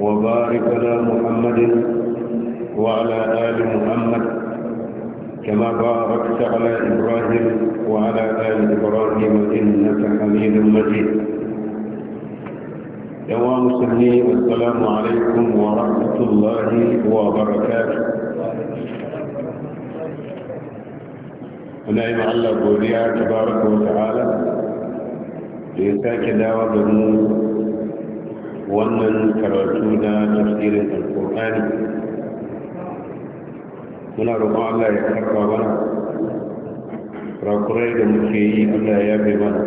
وبارك على محمد وعلى آل محمد كما باركت على إبراهيم وعلى آل إبراهيم إنك حميد مجيد دوام مسلمي والسلام عليكم ورحمة الله وبركاته ونعم الله بوليا تبارك وتعالى ليساك دعوة بنور wannan karatu na tafsirin alkur'ani muna roƙon allah ya karɓa mana rakurai da muke yi allah ya bai mana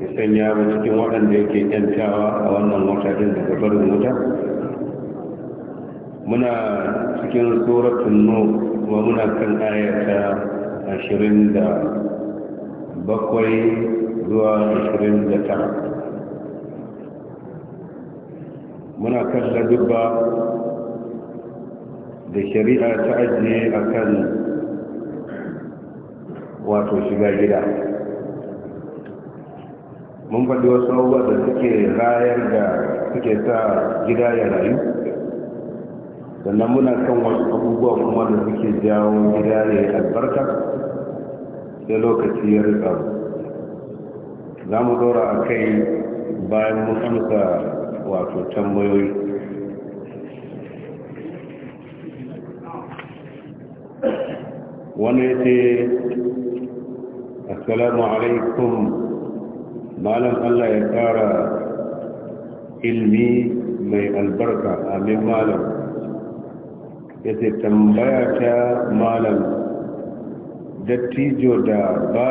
ya sanya mu cikin waɗanda yake kyantawa a wannan wata din daga barin wuta muna cikin tsoratun no kuma muna kan ayata ashirin da bakwai zuwa ashirin da tara muna kalla dubba da shari'a ta ajiye a kan wato shiga gida mun faɗi wasu abubuwa da suke rayar da suke sa gida ya rayu sannan muna kan wasu abubuwa kuma da suke jawo gida ya albarka sai lokaci ya rika za mu dora a kai bayan mun amsa wato tambayoyi wani ya ce assalamu alaikum malam allah ya tara ilmi mai albarka amin malam ya ce tambaya ta malam dattijo da ba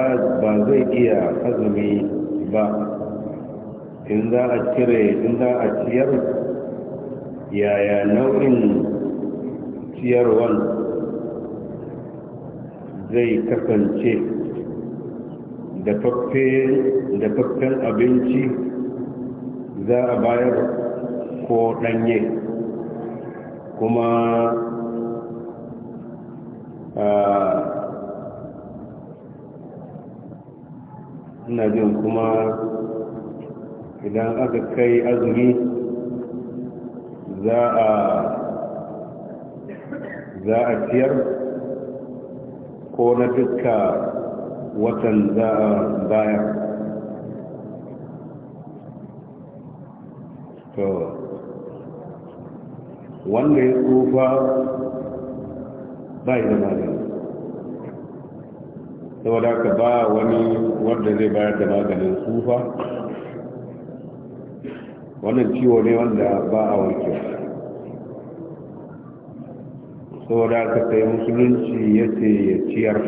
zai iya azumi ba in za a cire in za a ciyar yaya nau'in ciyarwan zai kasance da faffen abinci za a bayar ko ɗanye kuma ina jin kuma idan aka kai azumi za a ciyar ko na duka watan za a bayar to wanda ya tsufa ba yi da magani saboda ka ba wani wanda zai bayar da maganin tsufa wannan ciwo ne wanda ba a warke saboda ka sai musulunci ya ce ya ciyar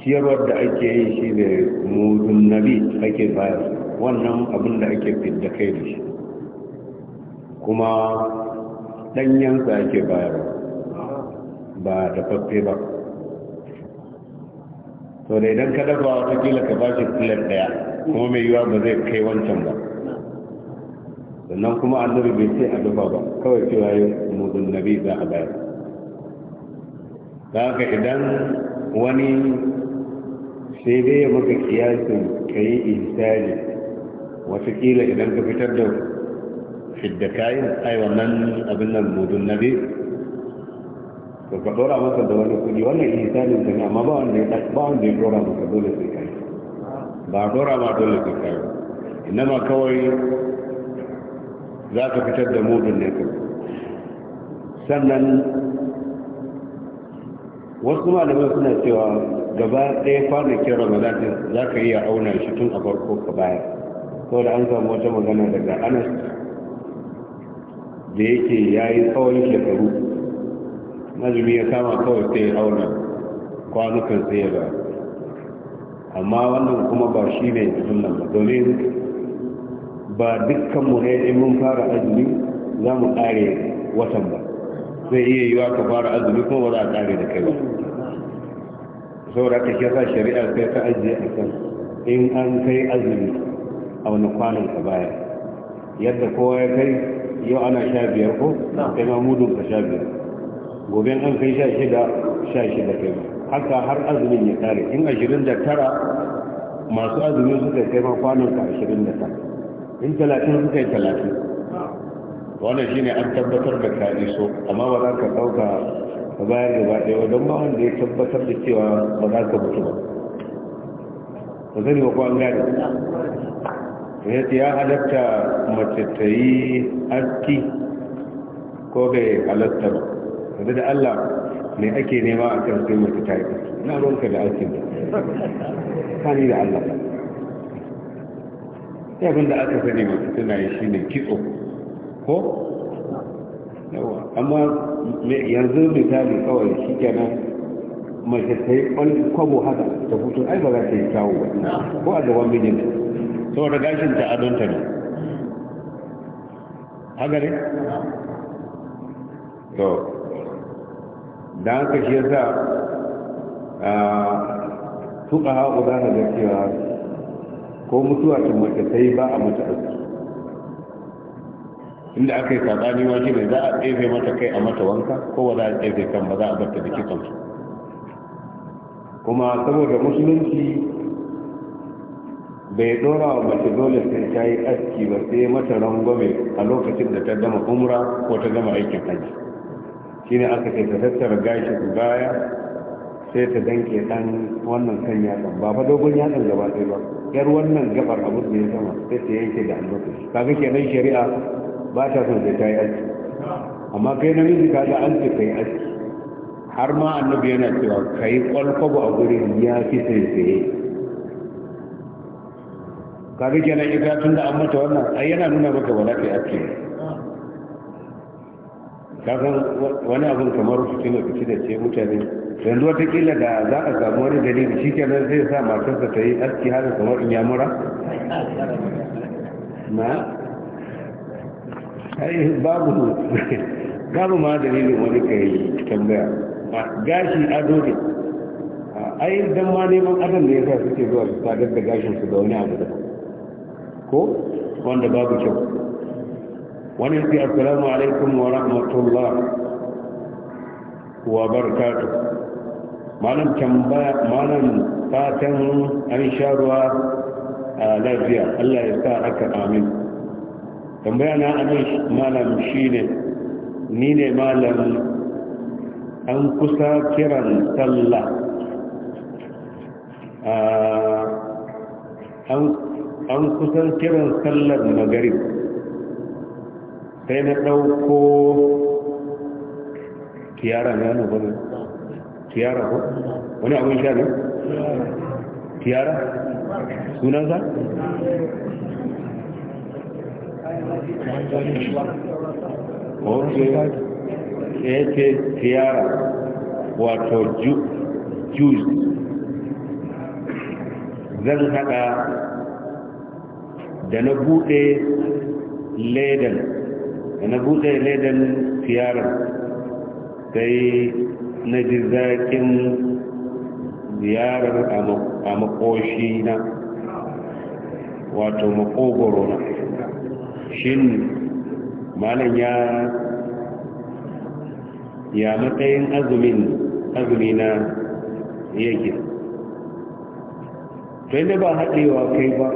ciyarwar da ake yi shi da mudun nabi ake bayar wannan abin da ake da kai da shi kuma ɗanyensa ake bayar ba da fafe ba to da idan ka dafa watakila ka ba shi filar daya kuma mai yiwa ba zai kai wancan ba sannan kuma annabi bai sai a dafa ba kawai cewa yi mudun nabi za a bayar za haka idan wani sai dai ya maka kiyasin ka yi insani watakila idan ka fitar da fidda kayan ai wannan abin nan mudun nabi to ka dora masa da wani kudi wannan insanin ta ne amma ba wanda ya dora masa dole sai ka ba dora ma dole ka ina inama kawai za ka fitar da mudun ne kai sannan wasu malamai suna cewa gaba ɗaya kwanakin ramadan za ka iya auna shi tun a farko ka baya da an samu wata magana daga anas da yake ya yi tsawon shekaru mazumi ya kama kawai sai auna kwanukan sai ya ba amma wannan kuma ba shi ne sunna ba domin ba dukkan mu ne in mun fara azumi za mu kare watan ba zai iya yiwa ka fara azumi kuma ba za a kare da kai ba saboda ka kira shari'a sai ta ajiye a kan in an kai azumi a wani kwanan ka baya yadda kowa ya kai yau ana sha biyar ko kai ma mudun ka sha biyar gobe an kai sha shida sha shida kai ba haka har azumin ya kare in 29 masu azumin suka kai ma kwanan ka 29 in 30 suka yi 30 wannan shine an tabbatar da ka so. amma ba za ka dauka ka bayar ba ɗaya don ba wanda ya tabbatar da cewa ba za ka mutu ba ba zai ba kwan gari ya ce ya halatta mace ta yi aski ko bai halatta ba da Allah ne ake nema a kan sai mace ta yi na ruwanka da aikin sani da allah ya bin da aka sani mace tana yi shi ne kitso ko yawa amma yanzu misali kawai shi kenan mace ta yi kwabo haka ta hutu ai ba za ta yi kawo ba ko a gaban mijinta da gashin ta adonta ne haka ne to da haka shi yasa tuka haku za ka ga cewa ko mutuwa ta mace yi ba a mata aski inda aka yi sabani ma shi ne za a tsefe mata kai a mata wanka ko ba za a tsefe kan ba za a barta da kitson kuma saboda musulunci bai dora wa mace dole sai ta yi aski ba sai mata rangwame a lokacin da ta gama umra ko ta gama aikin hajji shi ne aka ce ta tattara gashi su baya sai ta danke dan wannan kan yatsan ba fa dogon yatsan gaba ɗaya ba yar wannan gabar abu da ya sama sai ta yanke da albashi kaga kenan shari'a ba ta son sai ta yi aski amma kai na miji ka ga an ce kai aski har ma annabi yana cewa kai kwalkwabo a guri ya fi sai sai kaga kenan ita tun da an mata wannan ai yana nuna maka wala kai aski kasan wani abin kamar fitina da ce mutane yanzu watakila da za a samu wani dalili shi kenan zai sa matarsa ta yi aski haka kamar in yamura na ai babu babu ma dalilin wani ka yi tambaya gashi ado ne ai dan ma neman adam da ya sa suke zuwa su sadar da gashin su da wani abu da ko wanda babu kyau وننتي السلام عليكم ورحمة الله وبركاته مالن كمبا مالن فاتن انشار و آه، لازيا الله يستعرك آمين تنبيانا انش مالن شين نين مالن انكسا كران سلا آه، انكسا كران سلا مغرب Kai na ɗauko tiyara na yana gwanin tiyara ko wani abin sha ne tiyara sunansa ƙorfe ya ce tiyara wato juice zan haɗa da na buɗe ledan da na buɗe ledan siyarar sai na ji zaƙin ziyarar a makoshi na wato makogoro na shin malam ya ya matsayin azumin azumi na yake to inda ba haɗewa kai ba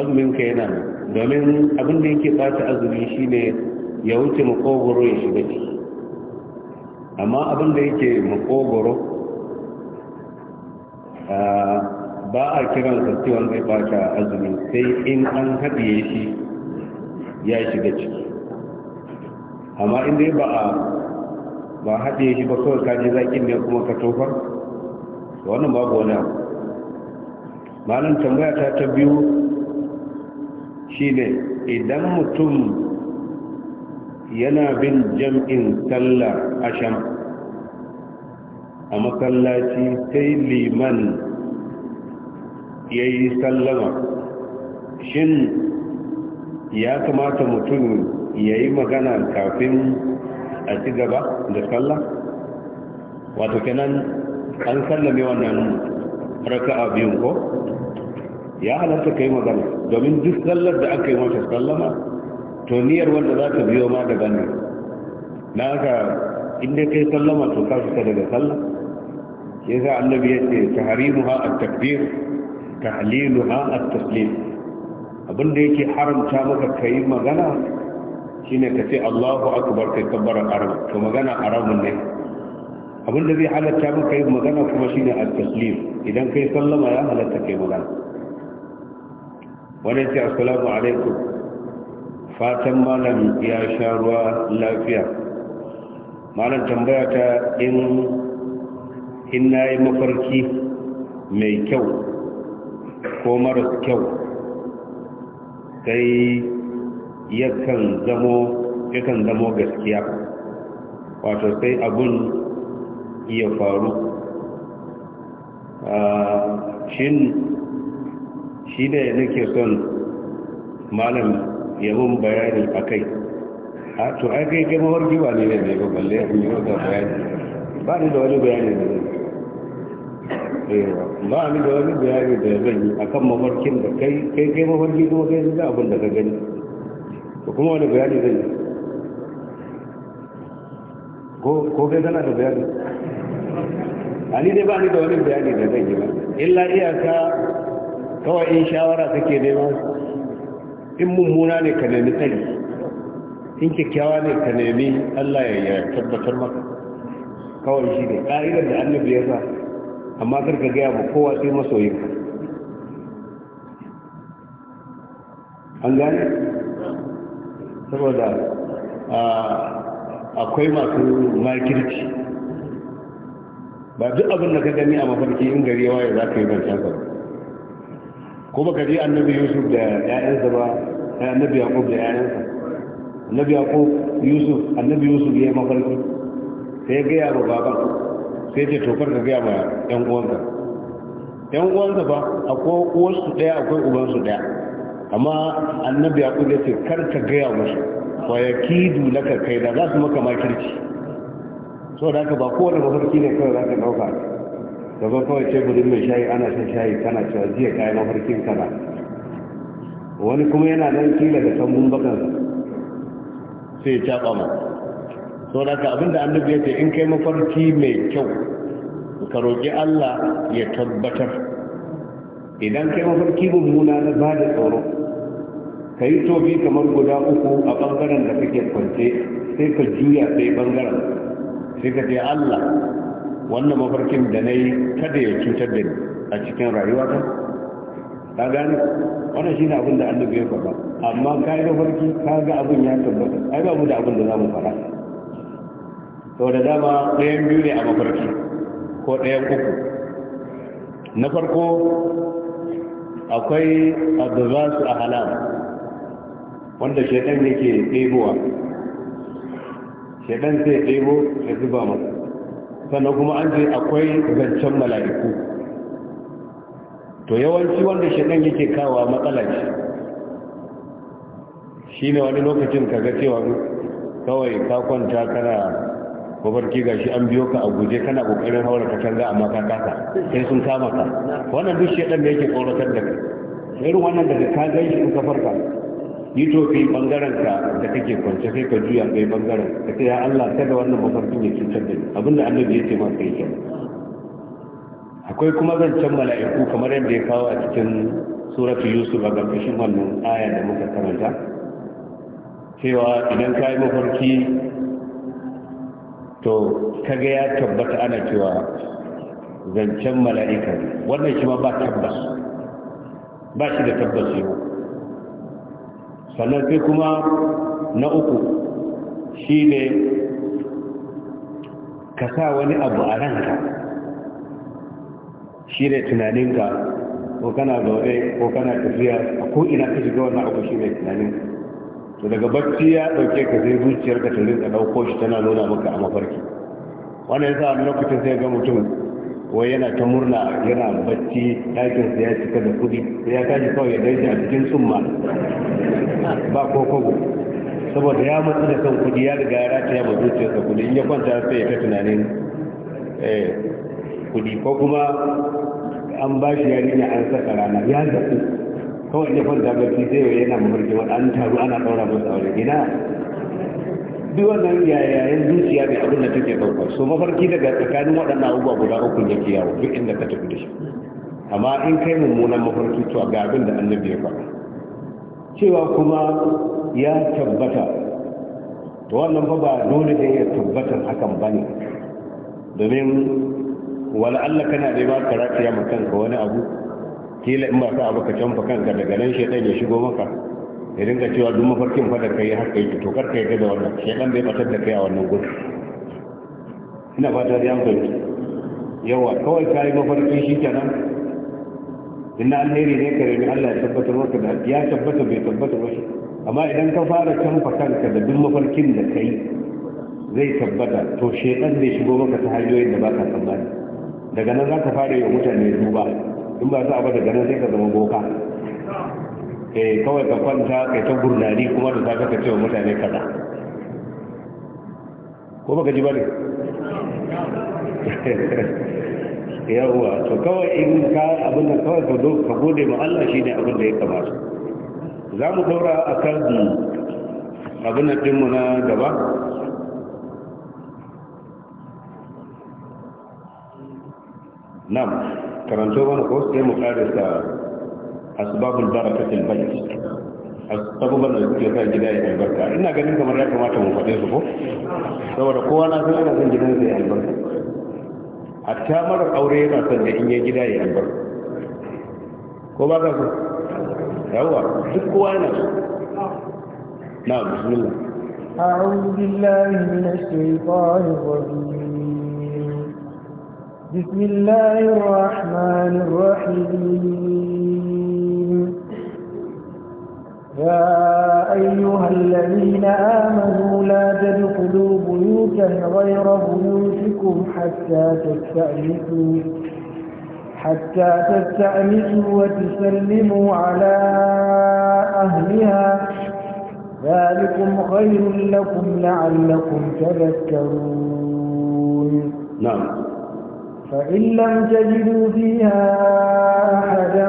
azumin ka yana domin abin da ba bata azumi shine ya wuce makogoro ya shiga ciki amma abin da yake makogoro ba a kiran sarki wanda ya bata azumi sai in an haɗiye shi ya shiga ciki amma inda ba a ba haɗiye shi ba kawai kaji zaƙin ne kuma ka tofar wannan babu wani abu malin tambaya ta ta biyu shi ne idan mutum yana bin jam'in a asham a masallaci sai liman ya yi sallama shin ya kamata mutum ya yi magana kafin a ci gaba da sallah wato kenan an sallame wannan raka'a biyun ko ya halatta ka yi magana domin duk sallar da aka yi mata sallama to niyyar wanda za ka biyo ma daban ne na haka inda kai sallama to ka fita daga sallah shi yasa annabi ya ce ha at-takbir tahliluha at-taslim abin da yake haramta maka kai magana shine ka ce Allahu akbar kai kabbara haram to magana haramun ne abin da zai halatta maka kai magana kuma shine at-taslim idan kai sallama ya halatta kai magana wannan ce assalamu alaikum fatan malam ya sha ruwa lafiya malam tambaya ta in in na yi mafarki mai kyau ko maras kyau sai yakan zamo yakan zamo gaskiya wato sai abun ya faru ah, shin shi da nake son malam yawon bayani a kai a to ai kai kai mawar giwa ne ne zai balle in yi wata bayani ba ni da wani bayani da zai eh, ba ni da wani bayani da zai yi a kan kin da kai kai kai mafarki kuma kai zuga abin da ka gani ko kuma wani bayani zai yi ko kai kana da bayani ni dai ba ni da wani bayani da zai yi ba illa iyaka kawai in shawara take nema in mummuna ne ka nemi tsari in kyakkyawa ne ka nemi Allah ya tabbatar maka kawai shi ne ƙa'idar da annabi ya sa amma karka gaya ba kowa sai masoyin ka an gane saboda akwai masu makirci ba duk abin da ka gani a mafarki in gari yawa ya za ka yi zancen ba ko baka ji annabi yusuf da ƴaƴansa ba annabi yaqub da ƴaƴansa annabi yaqub yusuf annabi yusuf ya mafarki sai ga yaro baba sai ce tokar ka ga ma ƴan yan ƴan uwansa ba akwai uwarsu ɗaya akwai ubansu ɗaya amma annabi yaqub ya ce kar ka gaya musu fa yakidu laka kaida za su maka makirci saboda haka ba kowane mafarki ne kawai za ka ɗauka gaba zo kawai teburin mai shayi ana shan shayi kana cewa jiya kayi mafarkin kana wani kuma yana nan kila da mun bakan sai ya caba ma so da ka abinda annabi ya in kai mafarki mai kyau ka roƙi Allah ya tabbatar idan kai mafarki mummuna na ba da tsoro ka yi tobi kamar guda uku a bangaren da kake kwance sai ka juya sai bangaren sai ka ce Allah wannan mafarkin da na yi kada ya cutar da ni a cikin rayuwata ta gani. wannan shi ne abin da nufi ya faɗa amma ka yi mafarki ka ga abin ya tabbata ai ba mu da abin da za mu faɗa sau da dama ɗayan biyu ne a mafarki ko ɗayan uku na farko akwai su a halam wanda shaidan yake ɗebowa shaidan sai ɗebo ya zuba masa sannan kuma an ce akwai zancen mala'iku to yawanci wanda shaɗan yake kawa matsala ce shi ne wani lokacin ka ga cewa kawai ka kwanta kana mafarki ga shi an biyo ka a guje kana ƙoƙarin haura katanga amma ka kasa sai sun kama ka wannan duk shaɗan da yake tsoratar da kai irin wannan daga ka gan shi farka yi tofi bangaren ka da kake kwance sai ka juya kai bangaren ka sai ya Allah da wannan mafarkin ya cutar da ni abinda annabi ya ce ma sai kenan akwai kuma zancen mala'iku kamar yadda ya kawo a cikin suratul yusuf a ƙarƙashin wannan aya da muka karanta cewa idan ka yi mafarki to kaga ya tabbata ana cewa zancen mala'ika wannan shi ma ba tabbas ba shi da tabbas yau sannan sai kuma na uku shi ne ka sa wani abu a ranka shi ne tunaninka ko kana zaune ko kana tafiya a ko'ina ka shiga wannan abu shi ne tunaninka to daga bacci ya ɗauke ka sai zuciyarka ta rinka ɗauko shi tana nuna maka a mafarki wannan yasa a lokacin sai ga mutum wai yana ta murna yana bacci ɗakin ya cika da kuɗi ya kaji kawai ya gaishe a cikin summa ba ko kogo saboda ya mutu da kan kuɗi ya riga ya rataya mutu zuciyarsa kuɗi in ya kwanta sai ya ta tunanin eh, kuɗi ko kuma an ba shi yarinya an saka rana ya zafi kawai ya kwanta bacci sai yana mafarkin an taru ana ɗaura masa aure gina duk wannan yayayen zuciya ne abin da take ɗaukar so mafarki daga tsakanin waɗannan abubuwa guda uku yake yawo duk inda ka tafi da shi amma in kai mummunan mafarki to ga abin da annabi ya faɗa cewa kuma ya tabbata to wannan fa ba dole ne ya tabbatar hakan bane domin wala Allah kana da ba ya mutan ka wani abu kila in ba ka abu ka canfa kanka daga nan shedan ya shigo maka ya dinga cewa duk mafarkin fa da kai haka kai to kar kai da wannan shekan bai batar da kai a wannan gudu ina fata da yanzu yawa kawai ka yi mafarkin shi kenan inna na alheri ne kare ni Allah ya tabbatar maka da ya tabbata bai tabbata ba shi amma idan ka fara canfa kanka da duk mafarkin da kai zai tabbata to shedan zai shigo maka ta hanyoyin da ba ka tsammani daga nan za ka fara yi wa mutane duba in ba za a ba daga nan sai ka zama boka Eh, kawai ka kwanta ka ta gurnani kuma da zaka ka ce wa mutane kaza ko baka ji bane yawwa to kawai in ka abin da kawai ka ka gode ma Allah shine abin da ya kamata za mu daura kan abin da mu na gaba nam karanto mana ko sai mu karanta asbabul barakatil bayt sababan da suke sa gida ya albarka ina ganin kamar ya kamata mu faɗe su ko saboda kowa na san yana san gidan ya albarka hatta mara aure yana san da in ya gida ya albarka ko ba ka so yawa duk kowa yana so na bismillah a'udhu billahi minash shaitanir rajim بسم الله الرحمن الرحيم يا أيها الذين آمنوا لا تدخلوا بيوتا غير بيوتكم حتى تستأنسوا حتى تستأنسوا وتسلموا على أهلها ذلكم خير لكم لعلكم تذكرون نعم فإن لم تجدوا فيها أحدا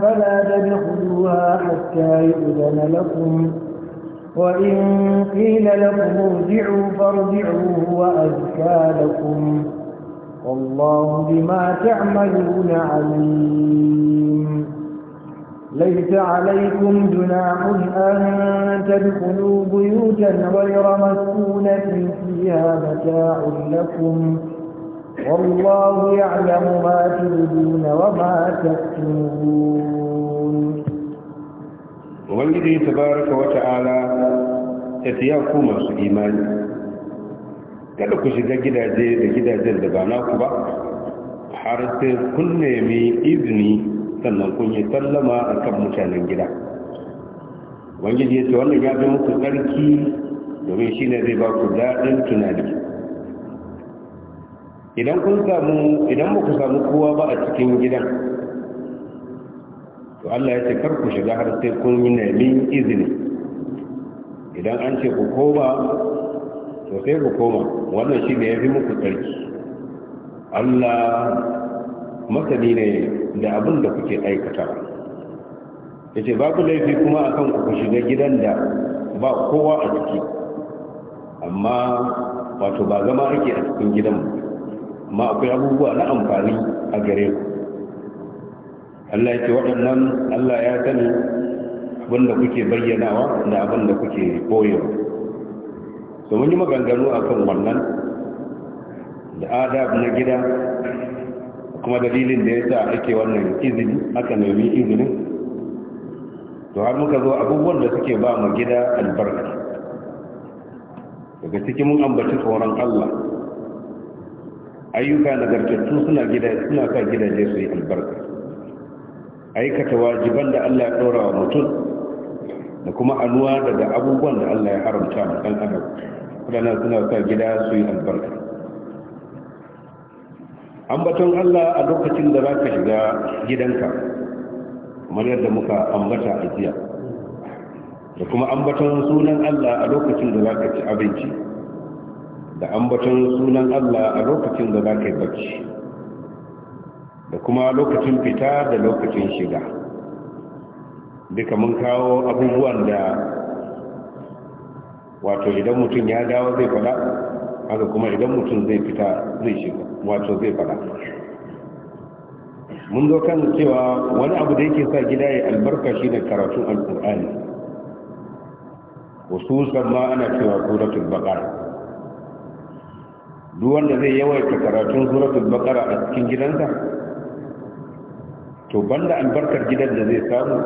فلا تدخلوها حتى يؤذن لكم وإن قيل لكم ارجعوا فارجعوا هو أزكى لكم والله بما تعملون عليم ليس عليكم جناح أن تدخلوا بيوتا غير مسكونة فيها متاع لكم ۖ والله يعلم ما تبدون وما تكتمون ubangiji تبارك وتعالى ta'ala ya tiya masu imani kada ku shiga gidaje da gidajen da ba naku ba har sai kun nemi izini sannan kun yi sallama a kan mutanen gida ubangiji ya ce wannan ya fi muku tsarki domin shi ne zai ba ku daɗin tunani idan kun samu idan ba ku samu kowa ba a cikin gidan to Allah ya ce kar ku shiga har sai kun yi nemi izini idan an ce ku koma to sai ku koma wannan shi ne ya fi muku tsarki Allah masani ne da abin da kuke aikata ya ce ba ku laifi kuma a akan ku shiga gidan da ba kowa a ciki amma wato ba zama ake a cikin gidan amma akwai abubuwa na amfani a gare ku Allah ya ce waɗannan Allah ya sani abinda kuke bayyanawa da abinda kuke boyewa so mun yi maganganu akan wannan da adab na gida kuma dalilin da ya sa ake wannan izini aka nemi izinin to har muka zo abubuwan da suke ba mu gida albarka daga cikin mun ambaci tsoron Allah ayyuka nagartattu suna gida suna sa gidaje su yi albarka aikata wajiban da Allah ya dora wa mutum da kuma anuwa daga abubuwan da Allah ya haramta ma dan adam kuma suna sa gida su yi albarka ambaton Allah a lokacin da zaka shiga gidanka kamar yadda muka ambata a jiya da kuma ambaton sunan Allah a lokacin da zaka ci abinci da ambaton sunan Allah a lokacin da za ka yi bacci da kuma lokacin fita da lokacin shiga duka mun kawo abubuwan da wato idan mutum ya dawo zai fada haka kuma idan mutum zai fita zai shiga wato zai fada mun zo kan cewa wani abu da yake sa gida ya albarka shi da karatun alkur'ani wasu ma ana cewa suratul baqara duk wanda zai yawaita karatun suratul baqara a cikin gidansa to banda albarkar gidan da zai samu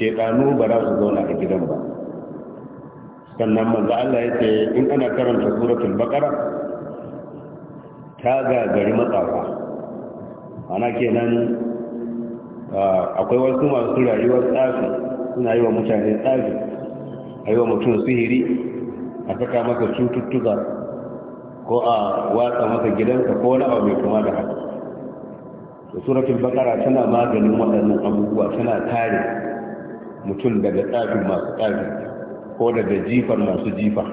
shekanu ba za su zauna a gidan ba sannan manzo Allah ya ce in ana karanta suratul baqara ta ga gari matsafa ana kenan akwai wasu masu rayuwar tsafi suna yi wa mutane tsafi a yi wa mutum sihiri a saka maka cututtuka ko a watsa maka gidansa ko wani abu mai kuma da haka da suratul bakara tana maganin waɗannan abubuwa tana kare mutum daga tsafin masu tsafi ko daga jifar masu jifa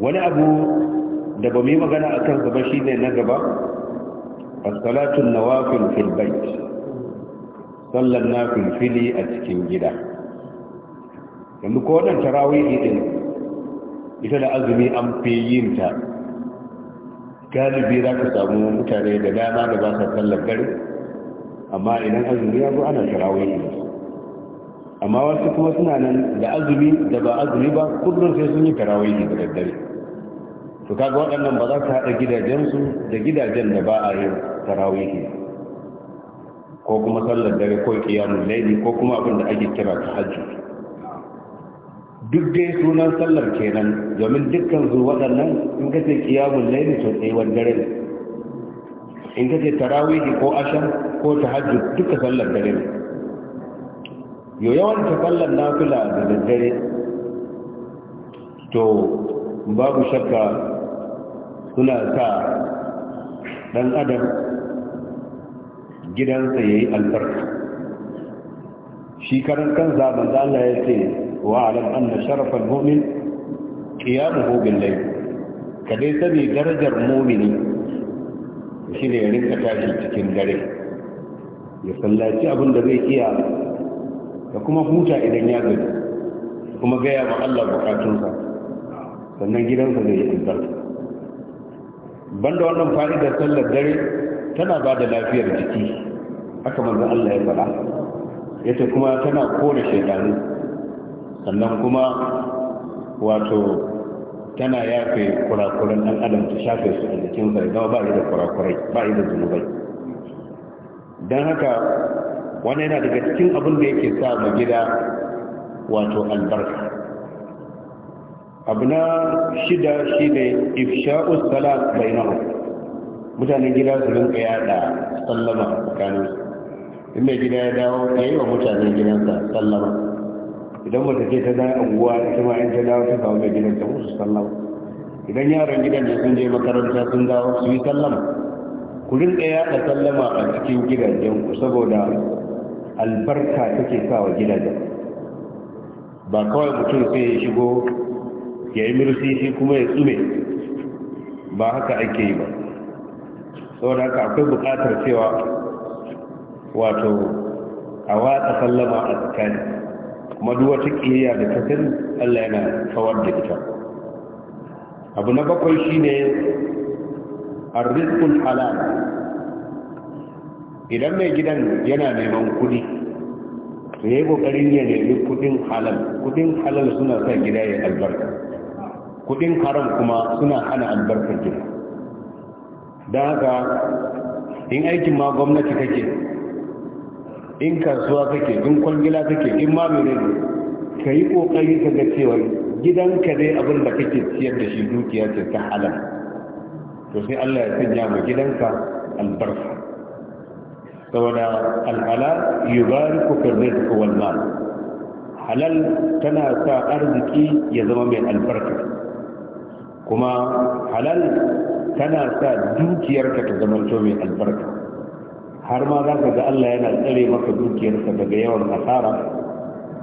wani abu da ba mu yi magana a kan gaba shi ne na gaba asalatun nawafin filbait sallan na fili a cikin gida yanzu ko wannan tarawih din ita da azumi an fi yin ta galibi za ka samu mutane da dama da ba sa sallar dare amma idan azumi ya zo ana ne amma wasu kuma suna nan da azumi da ba azumi ba kullum sai sun yi ne da daddare to kaga waɗannan ba za su haɗa gidajensu da gidajen da ba a yin ne ko kuma sallar dare ko kiyamun laili ko kuma abin da ake kira ta hajji. duk dai sunan sallar kenan domin dukkan zuwa waɗannan in ka ce kiyamun laili to wani dare in ka ce tarawihi ko ashan ko ta hajji, duka sallar dare ne yau yawan ta sallar nafila da daddare to babu shakka suna sa ɗan adam gidansa ya yi albarka shi karan kan zaɓen Allah ya ce واعلم أن شرف المؤمن قيامه بالليل كليس بي درجة المؤمن ne يريد تاشي cikin dare ya sallaci abin da zai iya da kuma huta idan ya gaji kuma gaya ma Allah bukatunsa sannan gidansa zai yi albarka banda wannan fa'idar sallar dare tana ba da lafiyar jiki haka manzon Allah ya faɗa yace kuma tana kore shaidanu sannan kuma wato tana yafe kurakuran ɗan adam ta shafe su a jikinsa idan ba da kurakurai ba da zunubai don haka wani yana daga cikin abin da yake sa ma gida wato albarka abu na shida shi ne ifsha'us bai bainahu Mutane gida su rinka yada sallama tsakaninsu in mai gida ya dawo ya yi wa mutane gidansa sallama idan mata ce ta zai unguwa, ita ma in ta dawo ta kawo mai gidan ta musu sallama idan yaron gidan ne sun je makaranta sun dawo su yi sallama ku rinka yaɗa sallama a cikin gidajen ku saboda albarka take sa wa gidajen ba kawai mutum sai ya shigo ya yi shi kuma ya tsume ba haka ake yi ba saboda haka akwai buƙatar cewa wato a watsa sallama a tsakani kuma duk wata ƙiyayya da ta sani Allah yana kawar da ita abu na bakwai shine arzikun halal idan mai gidan yana neman kuɗi to yayi kokarin ya nemi kudin halal kudin halal suna sa gida ya albarka kudin haram kuma suna hana albarkar gida don haka in aikin ma gwamnati kake in kasuwa kake in kwangila kake in ma mai ka yi kokari ka ga cewa gidanka dai abin da kake ciyar da shi dukiya ce ta halal to sai Allah ya sanya ma gidanka albarka saboda alhala yubariku ka rizqu wal mal halal tana sa arziki ya zama mai albarka kuma halal tana sa dukiyarka ta zama mai albarka har ma za ka ga Allah yana tsare maka dukiyarka daga yawan asara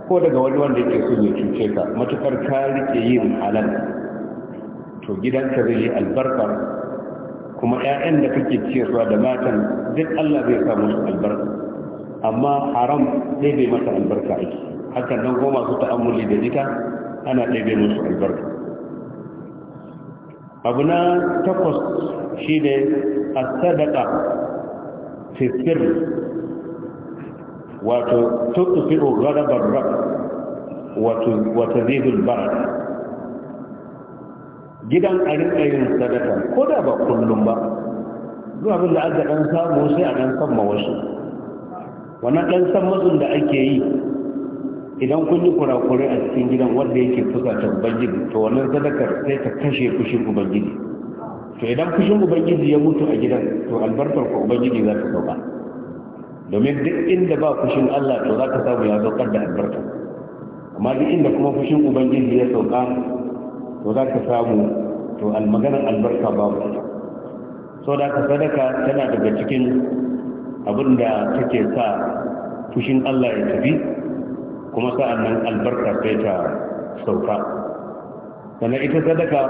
ko daga wani wanda yake so ya cuce ka matukar ka rike yin halal to gidanka zai yi albarka kuma 'ya'yan da kake ciyarwa da matan duk Allah zai sa musu albarka amma haram zai bai masa albarka ake hakan nan goma su ta'ammuli da ita ana ɗaibe musu albarka abu na takwas shi ne a sadaka fi sirri wato tuttufi'u ghadabar rab wata zidul barat gidan a rinka yin sadaka ko da ba kullum ba zuwa bin da aka dan samu sai a dan san ma wasu wannan dan san matsin da ake yi idan kun yi kurakure a cikin gidan wanda yake fusa ta to wannan sadakar sai ta kashe kushin ubangiji to idan fushin ubangiji ya mutu a gidan to albarkar ku ubangiji za ta sauka domin duk inda ba fushin Allah to za ka samu ya saukar da albarka amma duk inda kuma fushin ubangiji ya sauka to za ka samu to almaganar albarka babu ita so da ka sadaka tana daga cikin abin da take sa fushin Allah ya tafi kuma sa'an nan albarka sai ta sauka sannan ita sadaka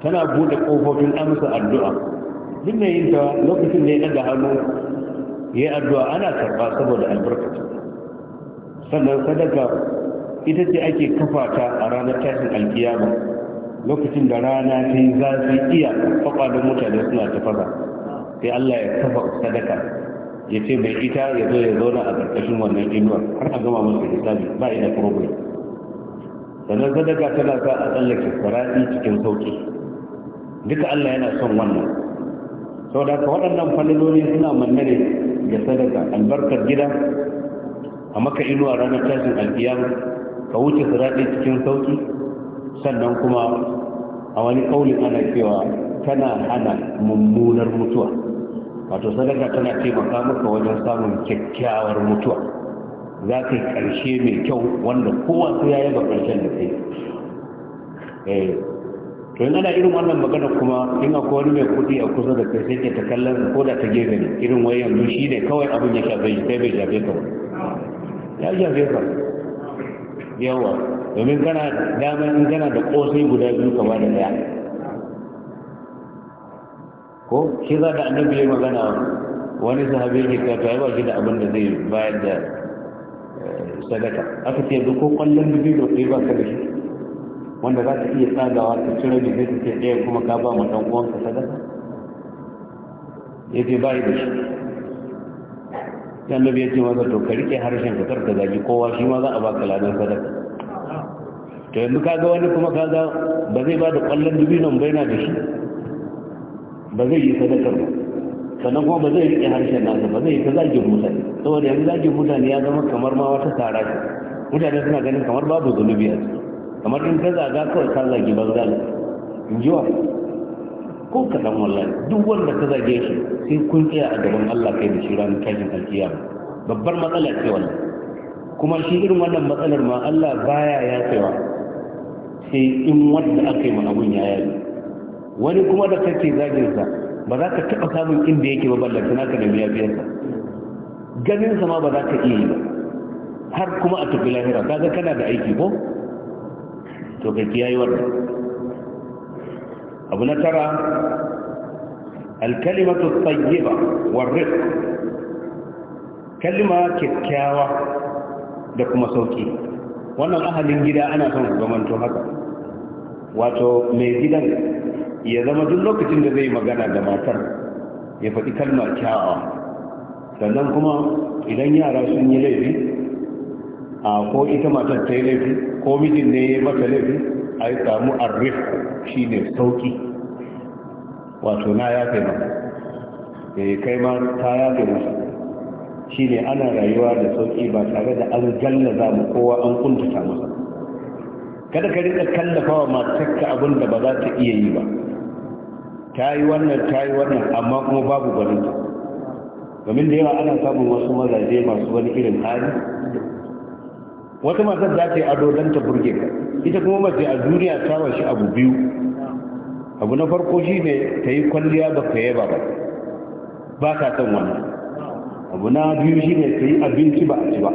tana bude kofofin amsa addu'a duk mai yin ta lokacin da ya daga hannu ya addu'a ana karba saboda albarkacin sannan sadaka ita ce ake kafa ta a ranar tashin alkiyama lokacin da rana ta yi zafi iya da mutane suna tafasa sai Allah ya kafa sadaka ya ce mai ita ya zo ya zauna a ƙarƙashin wannan inuwar har a gama masa hisabi ba ina problem sannan sadaka tana sa a tsallake faraɗi cikin sauƙi duka Allah yana son wannan sau da ka waɗannan fannoni suna mannare da sadaka albarkar gida a maka inuwa ranar tashin alkiyar ka wuce su cikin sauƙi. sannan kuma a wani ƙaunin ana cewa tana hana mummunar mutuwa wato sadaka tana taimaka maka wajen samun kyakkyawar mutuwa za ka yi ƙarshe mai kyau wanda kowa su ya ba ƙarshen da kai eh, to in ana irin wannan magana kuma in akwai wani mai kudi a kusa da kai sai ke ta kallon ko da ta gefe ne irin wai yanzu shi ne kawai abin ya shafe shi sai bai shafe ka ba ya shafe ka yawa domin kana dama in kana da kosai guda biyu kama da daya ko shi za da annabi ya magana wani sahabi ne ka ta ba shi da abin da zai bayar da eh, sadaka aka ce duk ko kwallon biyu da ba ka da shi wanda za ka iya tsagawa ta cire da zai ce ɗaya kuma ka ba mu ɗan uwanka sadaka ya ce ba da shi sai annabi ya ce masa to ka rike harshen ka karka zagi kowa shi ma za a baka ladan sadaka to yanzu ga wani kuma ka ga ba zai ba da ƙwallon dubi ba yana da shi ba zai yi sadakar ba sannan kuma ba zai riƙe harshen nasa ba zai yi ta zagin mutane saboda yanzu zagin mutane ya zama kamar ma wata tara ce mutane suna ganin kamar babu zunubi a ciki kamar in ka zaga kawai ka zagi banza in ji wa ko san wallahi duk wanda ka zage shi sai kun tsaya a gaban Allah kai da shi ran kashin alkiya babbar matsala ce wannan kuma shi irin wannan matsalar ma Allah baya ya tsayawa sai in wanda aka yi abun ya yi wani kuma da kake zagin sa ba za ka taɓa samun inda yake ba ballanta naka da biya biyar sa ganin sa ma ba za ka iya yi ba har kuma a tafi lahira kaga kana da aiki ko to ka kiyaye wannan abu na tara alkalimatu tayyiba warriq kalma kyakkyawa da kuma sauki wannan ahalin gida ana son zamanto haka wato mai gidan ya zama duk lokacin da zai magana da matar ya faɗi kalma kyawa sannan kuma idan yara sun yi laifi a ko ita matar ta yi laifi Komijin ne ya maka laifin a yi samu arrif shi ne sauki wato na ya fi maka da eh, ya kai ma ta ya fi masa shi ne ana rayuwa da sauki ba tare da an za mu kowa an kuntata masa kada ka rika kallafa wa matakka abin da ba za ta iya yi ba ta yi wannan ta yi wannan amma kuma babu gwaninta domin da yawa ana samun wasu mazaje masu wani irin hali wata matar za ta yi ado don ta burge ka ita kuma mace a duniya ta shi abu biyu abu na farko shi ne ta yi kwalliya ba ka yaba ba ba ka san wannan abu na biyu shi ne ta yi abinci ba a ci ba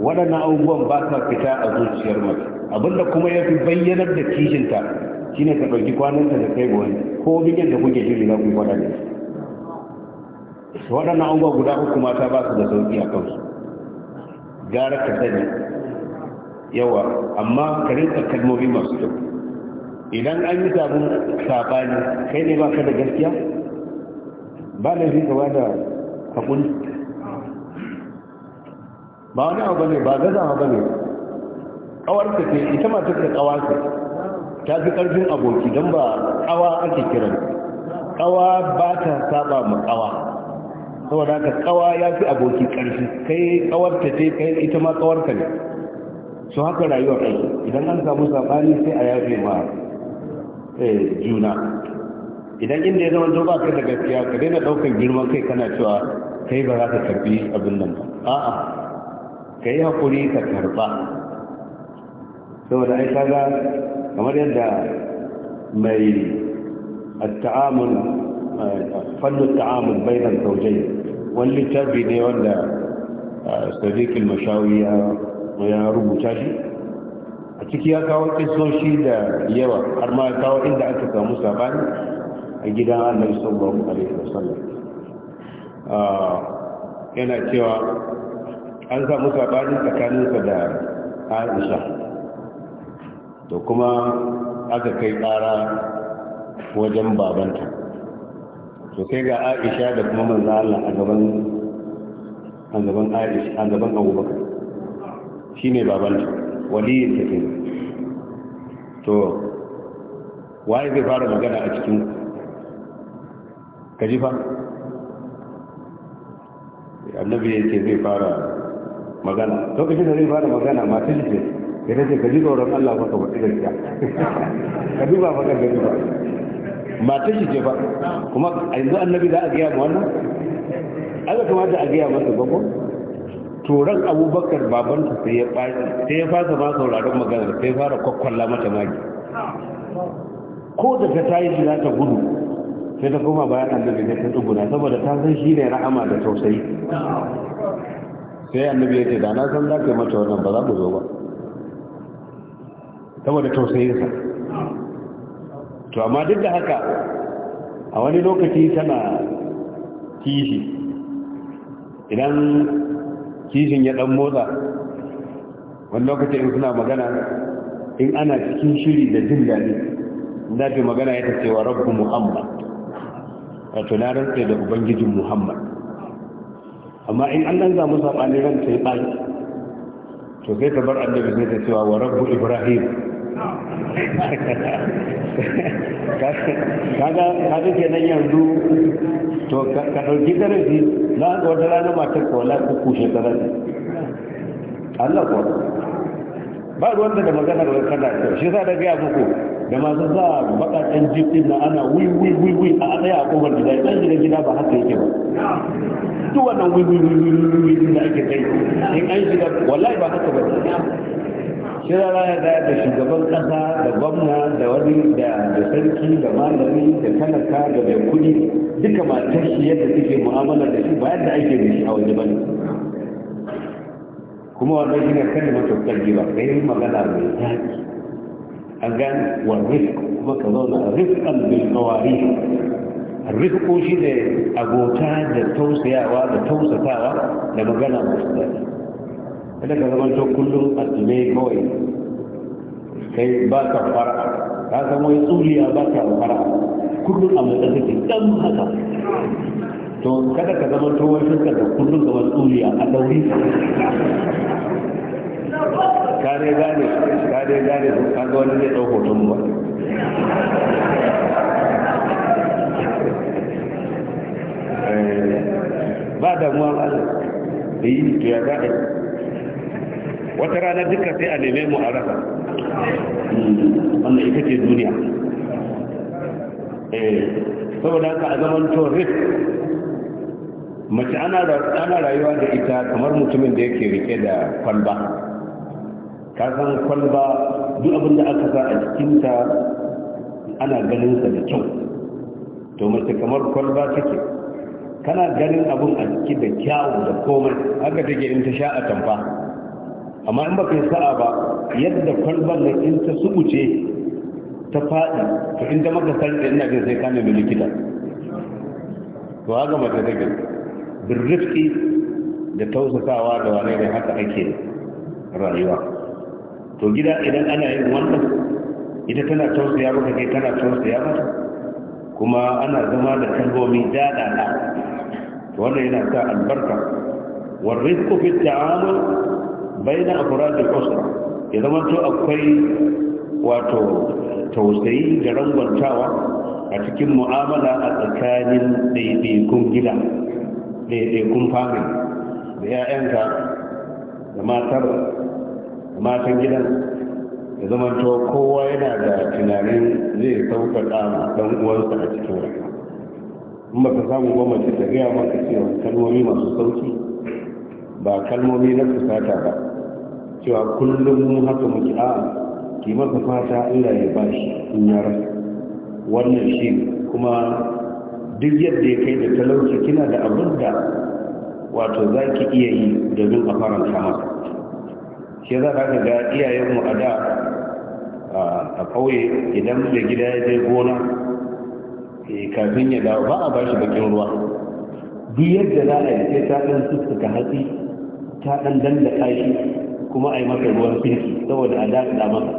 waɗannan abubuwan ba ka fita a zuciyar mace abinda kuma ya fi bayyanar da kishinta shi ne ta ɗauki kwananta da kai wani ko bikin da kuke shiri na kuma waɗannan waɗannan abubuwa guda uku mata ba su da sauƙi a kansu gara ka sani yawa amma ka rinka kalmomi masu kyau idan an yi sabon sabani kai ne ba ka da gaskiya ba na fi gaba da haƙuri ba wani abu ne, ba gazawa ba ne. ka ce ita ma take ƙawa ce ta fi ƙarfin aboki don ba ƙawa ake kiran Ƙawa ba ta saba ma ƙawa. saboda ka kawa ya fi aboki ƙarfi kai kawarta ce kai ita ma kawarta ne su haka rayuwar kai idan an samu sabani sai a yafe ma eh, juna idan inda ya zama ba kai da gaskiya ka daina ɗaukar girman kai kana cewa kai ba za ka karbi abin nan ba a'a ka yi haƙuri ka karba saboda ai kaga kamar yadda mai at-ta'amul fannin ta'amul bainan zaujai wani littafi ne wanda sadiqul mashawi ya rubuta shi a ciki ya kawo kisoshi da yawa har ma kawo inda aka samu sabani a gidan annabi sallallahu alaihi wasallam yana cewa an samu sabani tsakaninsa da Aisha to kuma aka kai ƙara wajen babanta to kai ga aisha da kuma manzo Allah a gaban a gaban aisha a gaban abubakar shine baban waliyin ta ke to waye zai fara magana a cikin kaji fa annabi yake zai fara magana lokacin da zai fara magana matan ce ya ce ka tsoron Allah maka wata gaskiya ka duba maka gani ba mata shi ce ba kuma a yanzu annabi za a gaya ma wannan aka kamata a gaya masa gwagwa turan abubakar babanta sai ya ɓaci sai ya fasa ba sauraron maganar sai fara kwakwalla mata magi ko da ta tayi shi za ta gudu sai ta koma bayan annabi sai ta tsubuna saboda ta san shi ne rahama da tausayi sai annabi ya ce da na san za ka yi mata wannan ba za ku zo ba saboda tausayinsa to amma duk da haka a wani lokaci tana kishi idan kishin ya dan motsa wani lokaci in suna magana in ana cikin shiri da jin daɗi za ta magana ya ta cewa rabbu muhammad a na sai da ubangijin muhammad amma in an ɗan zamu saɓani ranta ya ɓaki to sai ta bar annabi sai ta cewa wa rabbu ibrahim kaga kenan yanzu to ka dauki darasi na wata rana matar kola ku kushe darasi Allah ko ba ruwan da maganar wani kada to shi za da gaya muku da masu za baka baƙaƙen jifin na ana wi a tsaye a kofar gida ɗan gida gida ba haka yake ba duk wannan wi da ake kai in an shiga wallahi ba haka ba kira rana da da shugaban kasa da gwamna da wani da da sarki da malami da talaka da mai kudi duka matar shi yadda suke mu'amala da shi ba yadda ake da shi a waje bane kuma wannan shine kan mutukar jiba kai magana mai daɗi an gan wa rizq kuma ka zauna rizqan bil qawari rizqo shi ne abota da tausayawa da tausatawa da magana mai daɗi kada ka zama to kullum a tsime kawai kai ba ka fara ka san wai tsuliya ba ka fara kullum a matsa take dan haka to kada ka zama to wani shirka da kullum ga wani tsuliya a dauri ka dai gane ka dai gane ka ga wani zai ɗau hoton ba eh, ba damuwa ba da yi to ya gaɗa wata rana duka sai a neme mu a rasa wannan ita ce duniya eh, saboda haka a zaman to rif mace ana rayuwa da ita kamar mutumin da yake rike da kwalba kasan kwalba duk abin da aka sa a cikinta ana ganin sa da kyau to mace kamar kwalba take kana ganin abin a ciki da kyawu da komai haka take in ta sha a tamfa amma in ba kai sa'a ba yadda kwalbar da in ta subuce ta faɗi to in ta maka sarɗe ina jin sai kame mai likita to haka mace take birrifki da tausasawa da wane da haka ake rayuwa to gida idan ana yin wannan ita tana tausaya maka kai kana tausaya maka kuma ana zama da kalmomi daɗaɗa wannan yana sa albarka rizqu fi ta'amul bayan afradil usra ya zama to akwai wato tausayi da rangwantawa a cikin mu'amala a tsakanin daidaikun gida daidaikun fami da 'ya'yanka da matar da matan gidan ya zama to kowa yana da tunanin zai sauka ɗama don uwansa a cikin rayuwa in ba ka samu gwamnati ta gaya maka cewa kalmomi masu sauki ba kalmomi na fusata ba cewa kullum mun haka muke a ki maka fata Allah ya shi in ya wannan shi kuma duk yadda ya kai da talauci kina da abin da wato za ki iya yi domin a faranta masa shi za ka ga iyayenmu a da a ƙauye idan da gida ya je gona eh, kafin ya dawo ba a ba shi bakin ruwa duk yadda za a yi sai ta ɗan sussuka hatsi ta ɗan danda kashi kuma a yi masa ruwan kirki saboda a daɗa maka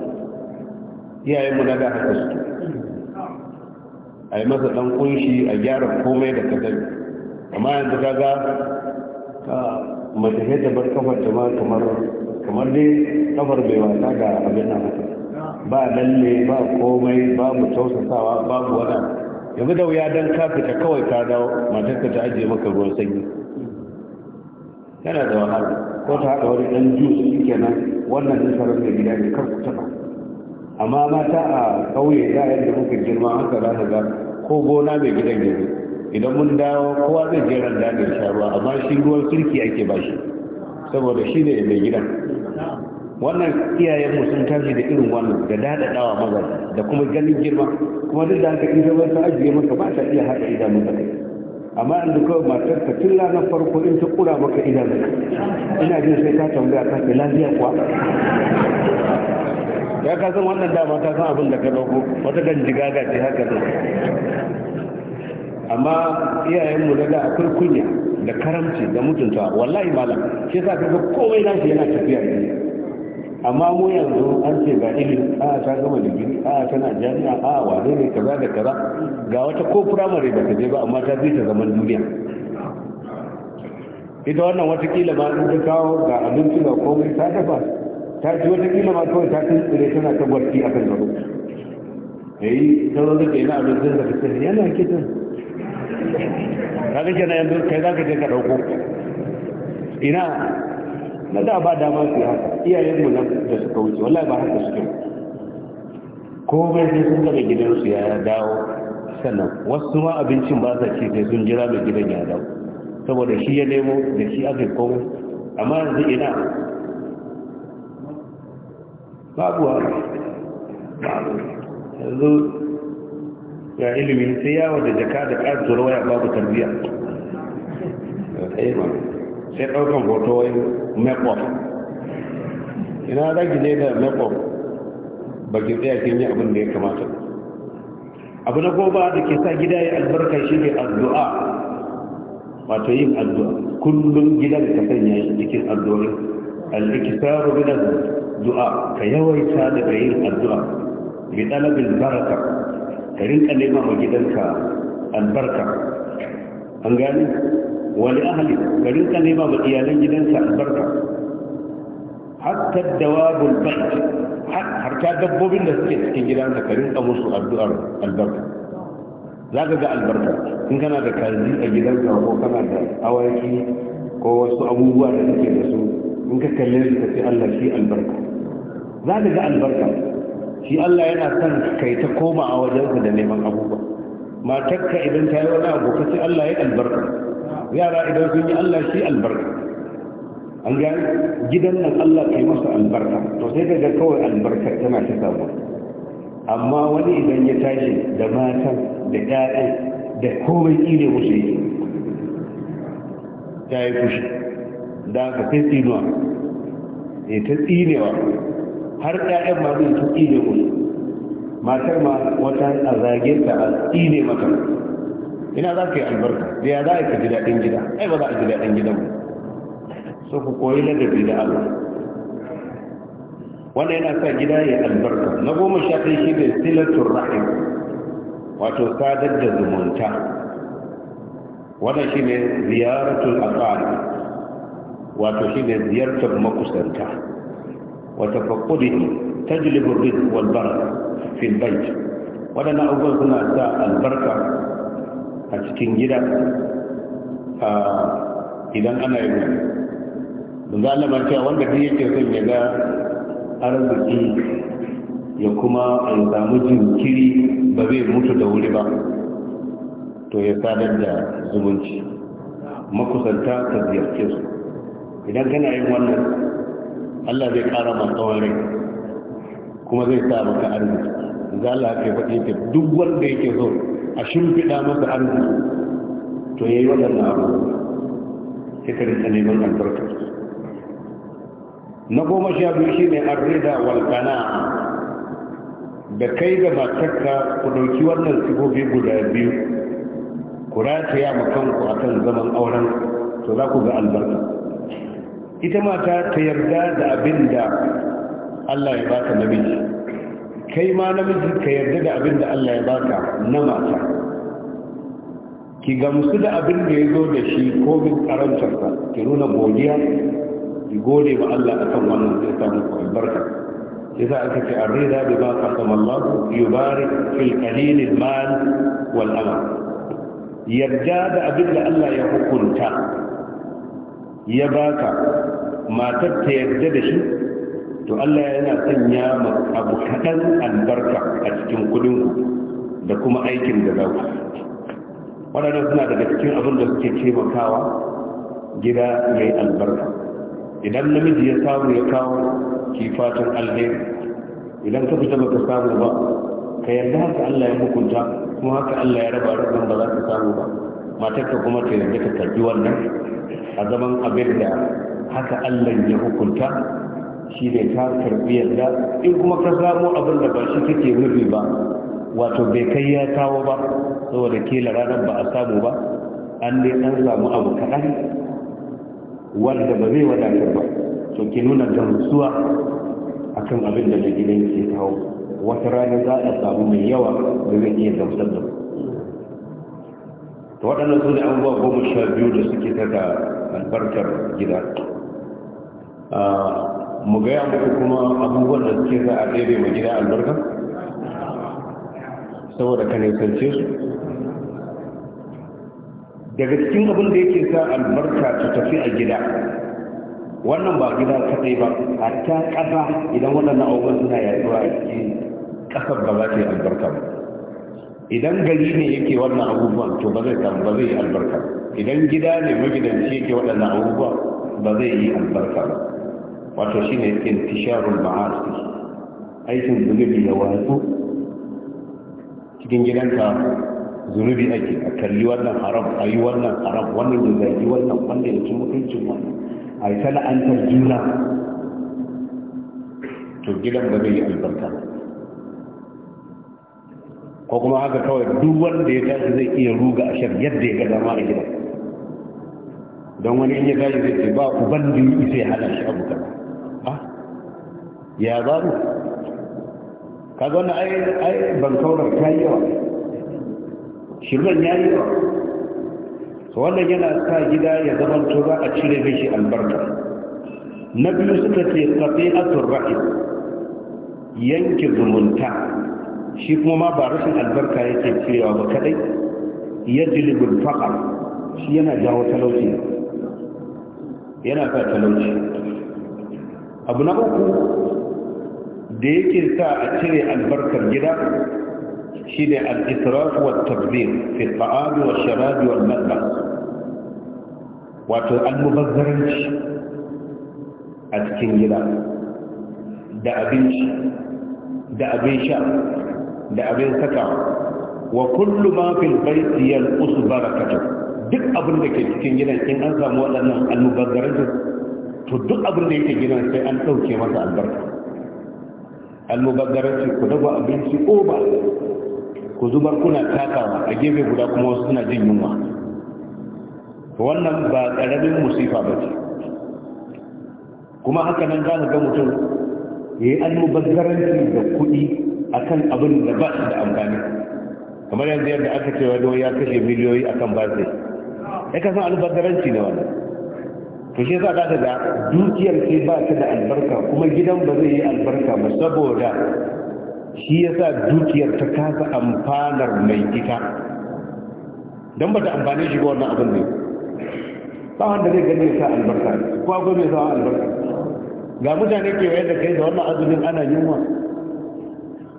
iyayen mu na da haka su a yi masa ɗan kunshi a gyara komai da kadari amma yanzu kaga ka mace ta bar kafar ta ma kamar kamar dai kafar bai wasa ga abin nan haka ba lalle ba komai babu tausasawa babu wani yanzu da wuya don ka fita kawai ka dawo ka ta ajiye maka ruwan sanyi yana da wahala ko ta haɗa wani ɗan jus shi kenan wannan zai sarar da gida ne kan taɓa amma mata a ƙauye da yadda muka girma haka za ga ko gona mai gidan yanzu idan mun dawo kowa zai je ran da ya sha ruwa amma shi ruwan sulki ake ba shi saboda shi ne mai gidan wannan iyayen mu sun tashi da irin wannan da daɗaɗawa maza da kuma ganin girma kuma duk da haka in ta ajiye maka ba ta iya haɗa idanun kai amma inda kawai matar ka tun ranar farko in ta kura maka idan ina jin sai ta tambaya ta ke lafiya kuwa ya ka san wannan dama ta san abin da ka dauko wata jiga jigaga ce haka ne amma iyayen mu da akwai kunya da karamci da mutunta wallahi malam shi yasa kaga komai nashi yana tafiya ne amma mu yanzu an ce ga ilimi a ta gama digiri a tana jami'a a wane ne kaza da kaza ga wata ko firamare ba ta je ba amma ta bi ta zaman duniya ita wannan watakila ma an ta kawo ga abinci ga komai ta dafa ta ci watakila ma kawai ta tsire tana ta gwarki a kan gaba ya yi sauran da ke na abincin da ta yana kitan ka ga kenan yanzu kai za ka je ka ɗauko ina na da ba dama su yi haka iyayenmu nan da suka wuce wallahi ba haka suke komai sai sun daga su ya dawo sannan wasu ma abincin ba sa ci sai sun jira mai gidan ya dawo saboda shi ya nemo da shi aka komai amma yanzu ina babu wa babu yanzu ya ilimi sai ya da jaka da ƙasar ya babu tarbiyya yi ba. sai ɗaukan hoto wai makeup ina za ki da makeup ba ki tsaya kin yi abin da ya kamata abu na goma da ke sa gida ya albarka shi ne addu'a wato yin addu'a kullum gidan ka sanya shi cikin addu'a al-ikisaru min addu'a ka yawaita daga yin addu'a bi talabil baraka ka rinka nema ma gidanka albarka an gani wani ahali ka rinka nema ba iyalan gidansa albarka hatta dawabul bait har ta dabbobin da suke cikin gidansa ka rinka musu addu'ar albarka za ka ga albarka in kana da kaji a gidanka ko kana da awaki ko wasu abubuwa da suke da su in ka kalle su ka ce Allah shi albarka za ka ga albarka shi Allah yana son kai ta koma a wajensa da neman abubuwa matarka idan ta yi wani abu ka ce Allah ya albarka yara idan sun yi Allah shi albarka an ga gidan nan Allah kai masa albarka to sai daga kawai albarka tana ta samu amma wani idan ya tashi da matan da ƴaƴan da komai ƙire musu yi ta yi fushi da aka kai tsinuwa ya eh, ta tsinewa har ƴaƴan ma zai ta tsine musu matar ma wata a zage ta a tsine mata ina za ka yi albarka da ya za a ji daɗin gida ai ba za a ji daɗin gidan mu so ku koyi ladabi da Allah wanda yana sa gida ya albarka na goma sha ɗaya shi ne silatun rahim wato sadar da zumunta wannan shi ne ziyaratul aqali wato shi ne ziyartar makusanta wata faƙuɗi ta jilibin wal baraka fil bayt wadannan abubuwan suna sa albarka a cikin gida idan ana yi da za a cewa wanda ta yake son ya ga arziki ya kuma ya samu jinkiri ba zai mutu da wuri ba to ya sadar da zumunci makusanta ta ziyarce su idan kana yin wannan allah zai kara ma tsawon rai kuma zai sa maka arziki za a ke faɗi duk wanda yake so a shimfiɗa masa arziki to ya yi waɗanda abubuwa sai ka neman albarka na goma sha biyu shi ne an rida walƙana da kai da matakka ku ɗauki wannan sigobi guda biyu ku rataya ma kanku a kan zaman auren to za ku ga albarka ita mata ta yarda da abin da Allah ya ba ta namiji kai ma namiji ka yarda da abin da Allah ya baka na mata ki gamsu da abin da ya zo da shi ko bin karantarsa ki nuna godiya ki gode wa Allah akan wannan zai samu albarka yasa aka ce arrida bi ma qasama Allah yubarik fil qalil al mal wal amal yarda da abin da Allah ya hukunta ya baka matar ta yarda da shi to Allah yana sanya abu kaɗan albarka a cikin kudinku da kuma aikin da za ku waɗannan suna daga cikin abin da suke taimakawa gida mai albarka idan namiji ya samu ya kawo kifatan alheri idan ka fita baka samu ba ka yarda haka Allah ya hukunta kuma haka Allah ya raba rabin ba za ka samu ba matarka kuma ta yarda ta karbi wannan a zaman abin da haka Allah ya hukunta shi ne ta karbi yadda in kuma ka samu abin da ba shi kake nufi ba wato bai kai ya kawo ba saboda kila ranar ba a samu ba an ne an samu abu kaɗan wanda ba zai wadatar ba to ki nuna gamsuwa akan abin da na gidan ke kawo wata rana za a samu mai yawa da zai iya gamsar da to waɗannan su ne abubuwa goma sha biyu da suke ta daga albarkar gida ah, mu gaya muku kuma abubuwan da suke za a ɗebe ma gida albarka saboda ka nisance su daga cikin abin da yake sa albarka ta tafi a gida wannan ba gida ta ɗai ba a ta ƙasa idan waɗannan abubuwan suna yaduwa a cikin ƙasar ba za ta yi albarka ba idan gari ne yake wannan abubuwan to ba zai samu ba zai yi albarka idan gida ne magidanci yake waɗannan abubuwa ba zai yi albarka ba wato shi ne intisharul ma'asi aikin zunubi ya wato cikin gidanka zunubi ake a kalli wannan haram a yi wannan haram wannan zai yi wannan wanda ya ci mutuncin wannan a yi ta la'antar juna to gidan ba zai yi albarka ko kuma haka kawai duk wanda ya tashi zai iya ruga a shar yadda ya ga dama a gidan don wani in ya tashi zai ce ba ku bandi sai hana shi abu kaza ya za mu ga wannan ai ai ban kaurar ta yi yawa shirman ya yi yawa wannan yana sa gida ya zama to za a cire mishi albarka na biyu suka ce qati'atur rahim yanke zumunta shi kuma ma ba rashin albarka yake cewa ba kadai yajlibul faqr shi yana jawo talauci yana sa talauci abu na uku da yake sa a cire albarkar gida shi ne al'israr wa tabbir fi ta'adu wa sharabi wa malba wato almubazzaranci a cikin gida da abinci da abin sha da abin saka, wa kullu ma fil baiti yalqus barakatu duk abin da ke cikin gidan in an samu waɗannan almubazzaranci to duk abin da yake gidan sai an ɗauke masa albarka almubazzaranci ku dafa abinci oba ku zubar kuna takawa a gefe guda kuma wasu suna jin yunwa wannan ba ƙaramin musifa ba ce kuma haka nan za ga mutum ya yi almubazzaranci da kuɗi a kan abin da ba su da amfani kamar yanzu yadda aka cewa doya ya kashe miliyoyi a kan zai ya kasan almubazzaranci ne wannan to shi yasa ta ga dukiyar sai ba ta da albarka kuma gidan ba zai yi albarka ba saboda shi yasa dukiyar ta kasa amfanar mai ita don ba ta amfani shi ga wannan abin ne ba wanda zai gani ya sa albarka ko akwai mai sa albarka ga mutane ke kewaye da kai da wannan azumin ana yunwa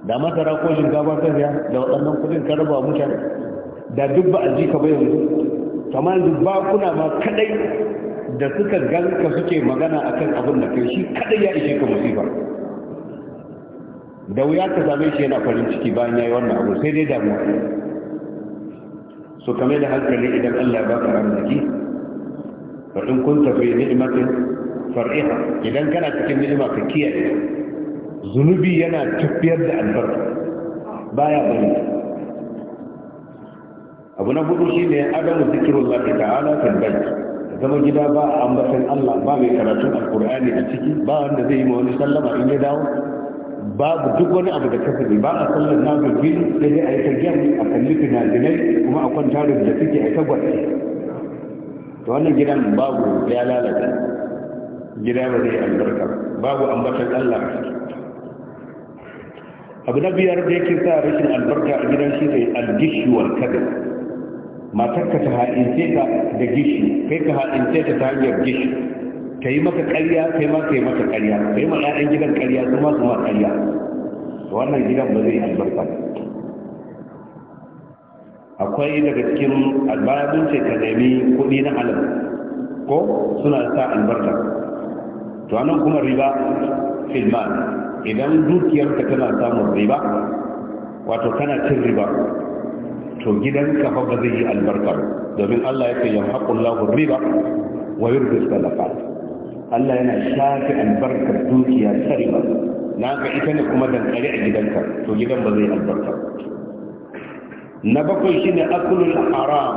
da masara ko shinkafa ta biya da waɗannan kudin ka raba mutane da duk ba a ji ka bai yanzu kamar yanzu ba kuna ma kadai da suka ganka suke magana akan abin da kai shi kadai ya ishe ka musiba da wuya ka same shi yana farin ciki bayan ya yi wannan abu sai dai damuwa so kame da hankali idan Allah ba ka arziki fa in kun tafi ni'matin far'iha idan kana cikin ni'ima ka kiyaye zunubi yana tafiyar da albarka baya bari abu na hudu shine adamu zikrullah ta'ala fil bayt zama gida ba a ambatan Allah ba mai karatun alkur'ani a ciki ba wanda zai yi ma wani sallama in ya dawo babu duk wani abu da kasabi ba a sallar na gurbin sai dai a yi ta gyam a kalli finafinai kuma a kwanta da suke a tagwata to wannan gidan babu ya lalata gida ba zai albarka babu ambatan Allah a abu na biyar da yake sa rashin albarka a gidan shi ne algishuwar kadar Matar ka ta haɗince ka da gishi kai ka haɗince ta ta hanyar gishi ka yi maka ƙarya kai ma ka yi maka ƙarya ka yi ma ƴaƴan gidan ƙarya su ma su ma ƙarya wannan gidan ba zai albarka akwai daga cikin albarabin ce ka nemi kuɗi na alam ko suna sa albarka to anan kuma riba filman idan dukiyarka tana samun riba wato kana cin riba to gidanka fa ba zai yi albarka ba domin Allah yake yamhaqullahu riba wa yurbi sadaqat Allah yana shafi albarkar dukiya ta riba na ka ita ne kuma dankari a gidanka to gidan ba zai albarka na bakwai shine akulul haram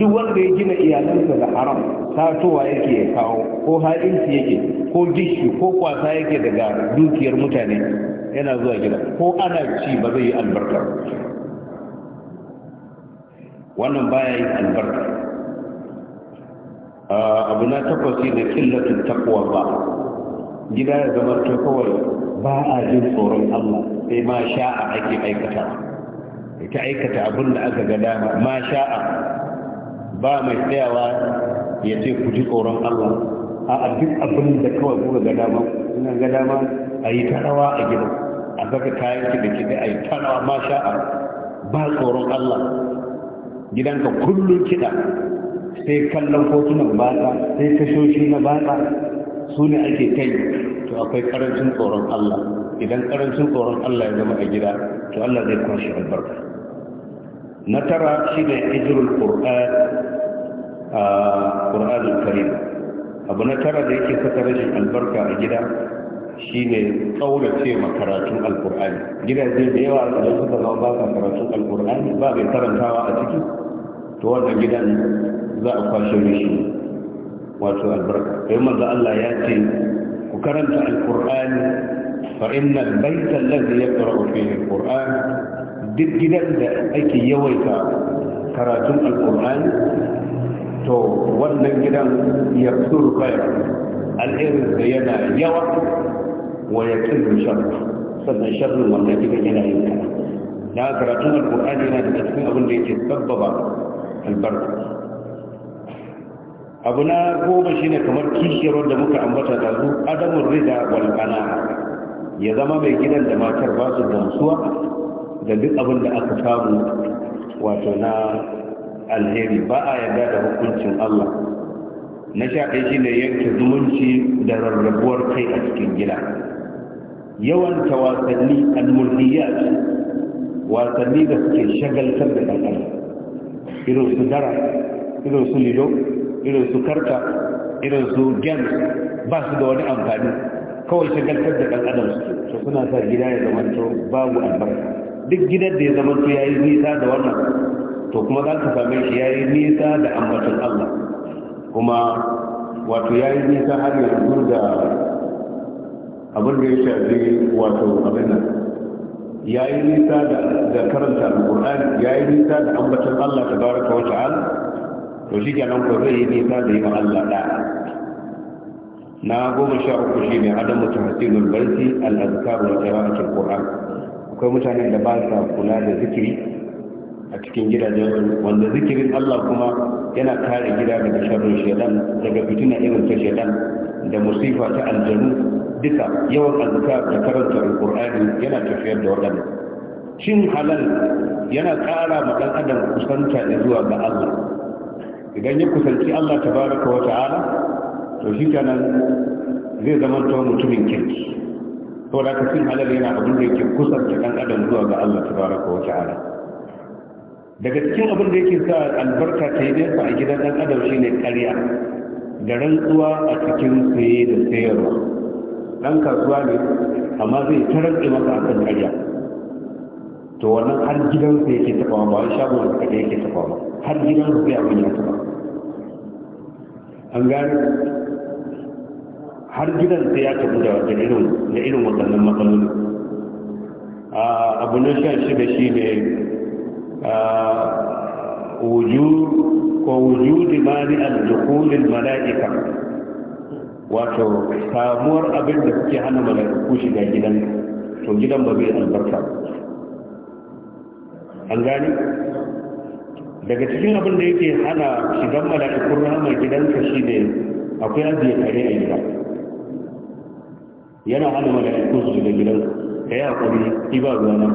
duk wanda ya gina iyalansa da haram satowa yake ya kawo ko ha'inci yake ko gishi ko kwasa yake daga dukiyar mutane yana zuwa gida ko ana ci ba zai yi albarka wannan baya yin albarka ah, abu na takwasi da killatin takwa ba gida ya zama ta kawai ba a jin tsoron allah sai ma sha'a ake aikata ita aikata abin da aka ga dama ma sha'a ba mai tsayawa ya ce ku ji tsoron allah a duk abin da kawai kuka ga dama ina ga dama a yi ta rawa a gida a zaka kayan ki da kiɗa a yi ta ma sha'a ba tsoron allah gidanka kullum kiɗa sai kallon kotunan batsa sai tashoshi na batsa su ne ake kai to akwai karancin tsoron Allah idan karancin tsoron Allah ya zama a gida to Allah zai kwashe albarka na tara shi ne ijirul qur'an a karim abu na tara da yake saka rashin albarka a gida shi shine kaurace ma karatun alqur'ani gidaje da yawa da suka zama ba karatun Al-ƙur'ani? ba bai karantawa a ciki to wannan gidan za a kwashe shi wato albarka sai manzo Allah ya ce ku karanta alqur'ani fa innal baita alladhi yaqra'u fihi alqur'an duk gidan da ake yawaita karatun alqur'ani to wannan gidan yaqsuru khayr al'irin da yana yawa wa yaqsuru shar sannan sharrin wannan gidan yana yin da karatun alqur'ani yana da cikin abin da yake sabbaba albarka abu na goma shine kamar kishiyar da muka ambata da su adamun rida wal ya zama mai gidan da matar ba su gamsuwa da duk abin da aka samu wato na alheri ba a yarda da hukuncin Allah na sha ɗaya ne yanke zumunci da rarrabuwar kai a cikin gida yawan tawasanni al-mulkiyat wasanni da suke shagaltar da ɗan irin su dara irin su lido irin su karta irin su gems ba su da wani amfani kawai shagaltar da ɗan adam su suna sa gida ya zamanto babu albarka duk gidan da ya zamanto ya yi nisa da wannan to kuma za ka same shi ya yi nisa da ambacin allah kuma wato ya yi nisa har yanzu da abin da ya shafi wato abin nan ya yi nisa da karanta alƙur'ani ya yi nisa da ambatan allah ta baraka wa ta'ala to shi kenan ko zai yi nisa da yin allah da na goma sha uku shi ne adam mutum hasilul barci al'azkaru da qira'atul qur'an akwai mutanen da ba sa kula da zikiri a cikin gidajen wanda zikirin Allah kuma yana kare gida daga sharrin shedan daga fitina irin ta shedan da musifa ta aljanu duka yawan azkar da karanta alkur'ani yana tafiyar da wadanda cin halal yana ƙara ma dan adam kusanta da zuwa ga Allah idan ya kusanci Allah tabaraka wa ta'ala to shi kenan zai zama to mutumin kirki to da ka cin halal yana abin da yake kusanta dan adam zuwa ga Allah tabaraka wa ta'ala daga cikin abin da yake sa albarka ta yi nesa a gidan dan adam shine ƙarya da rantsuwa a cikin saye da sayarwa dan kasuwa ne amma zai tarar maka akan karya to wannan har gidansa yake tafawa ba wani shagon da kaɗai yake tafawa ba har gidansa zai abin ya tafawa an gane har gidansa ya tafi da irin da irin waɗannan matsaloli abu na sha da shi ne wujud ko wujudi mani al-dukhul al-mala'ika wato samuwar abin da suke hana ku shiga gidan to gidan ba zai albarka an gani daga cikin abin da yake hana shigan mala'ikun rahama gidanka shi ne akwai ajiye kare a gida yana hana mala'iku su shiga gidanka ka yi haƙuri iba zuwa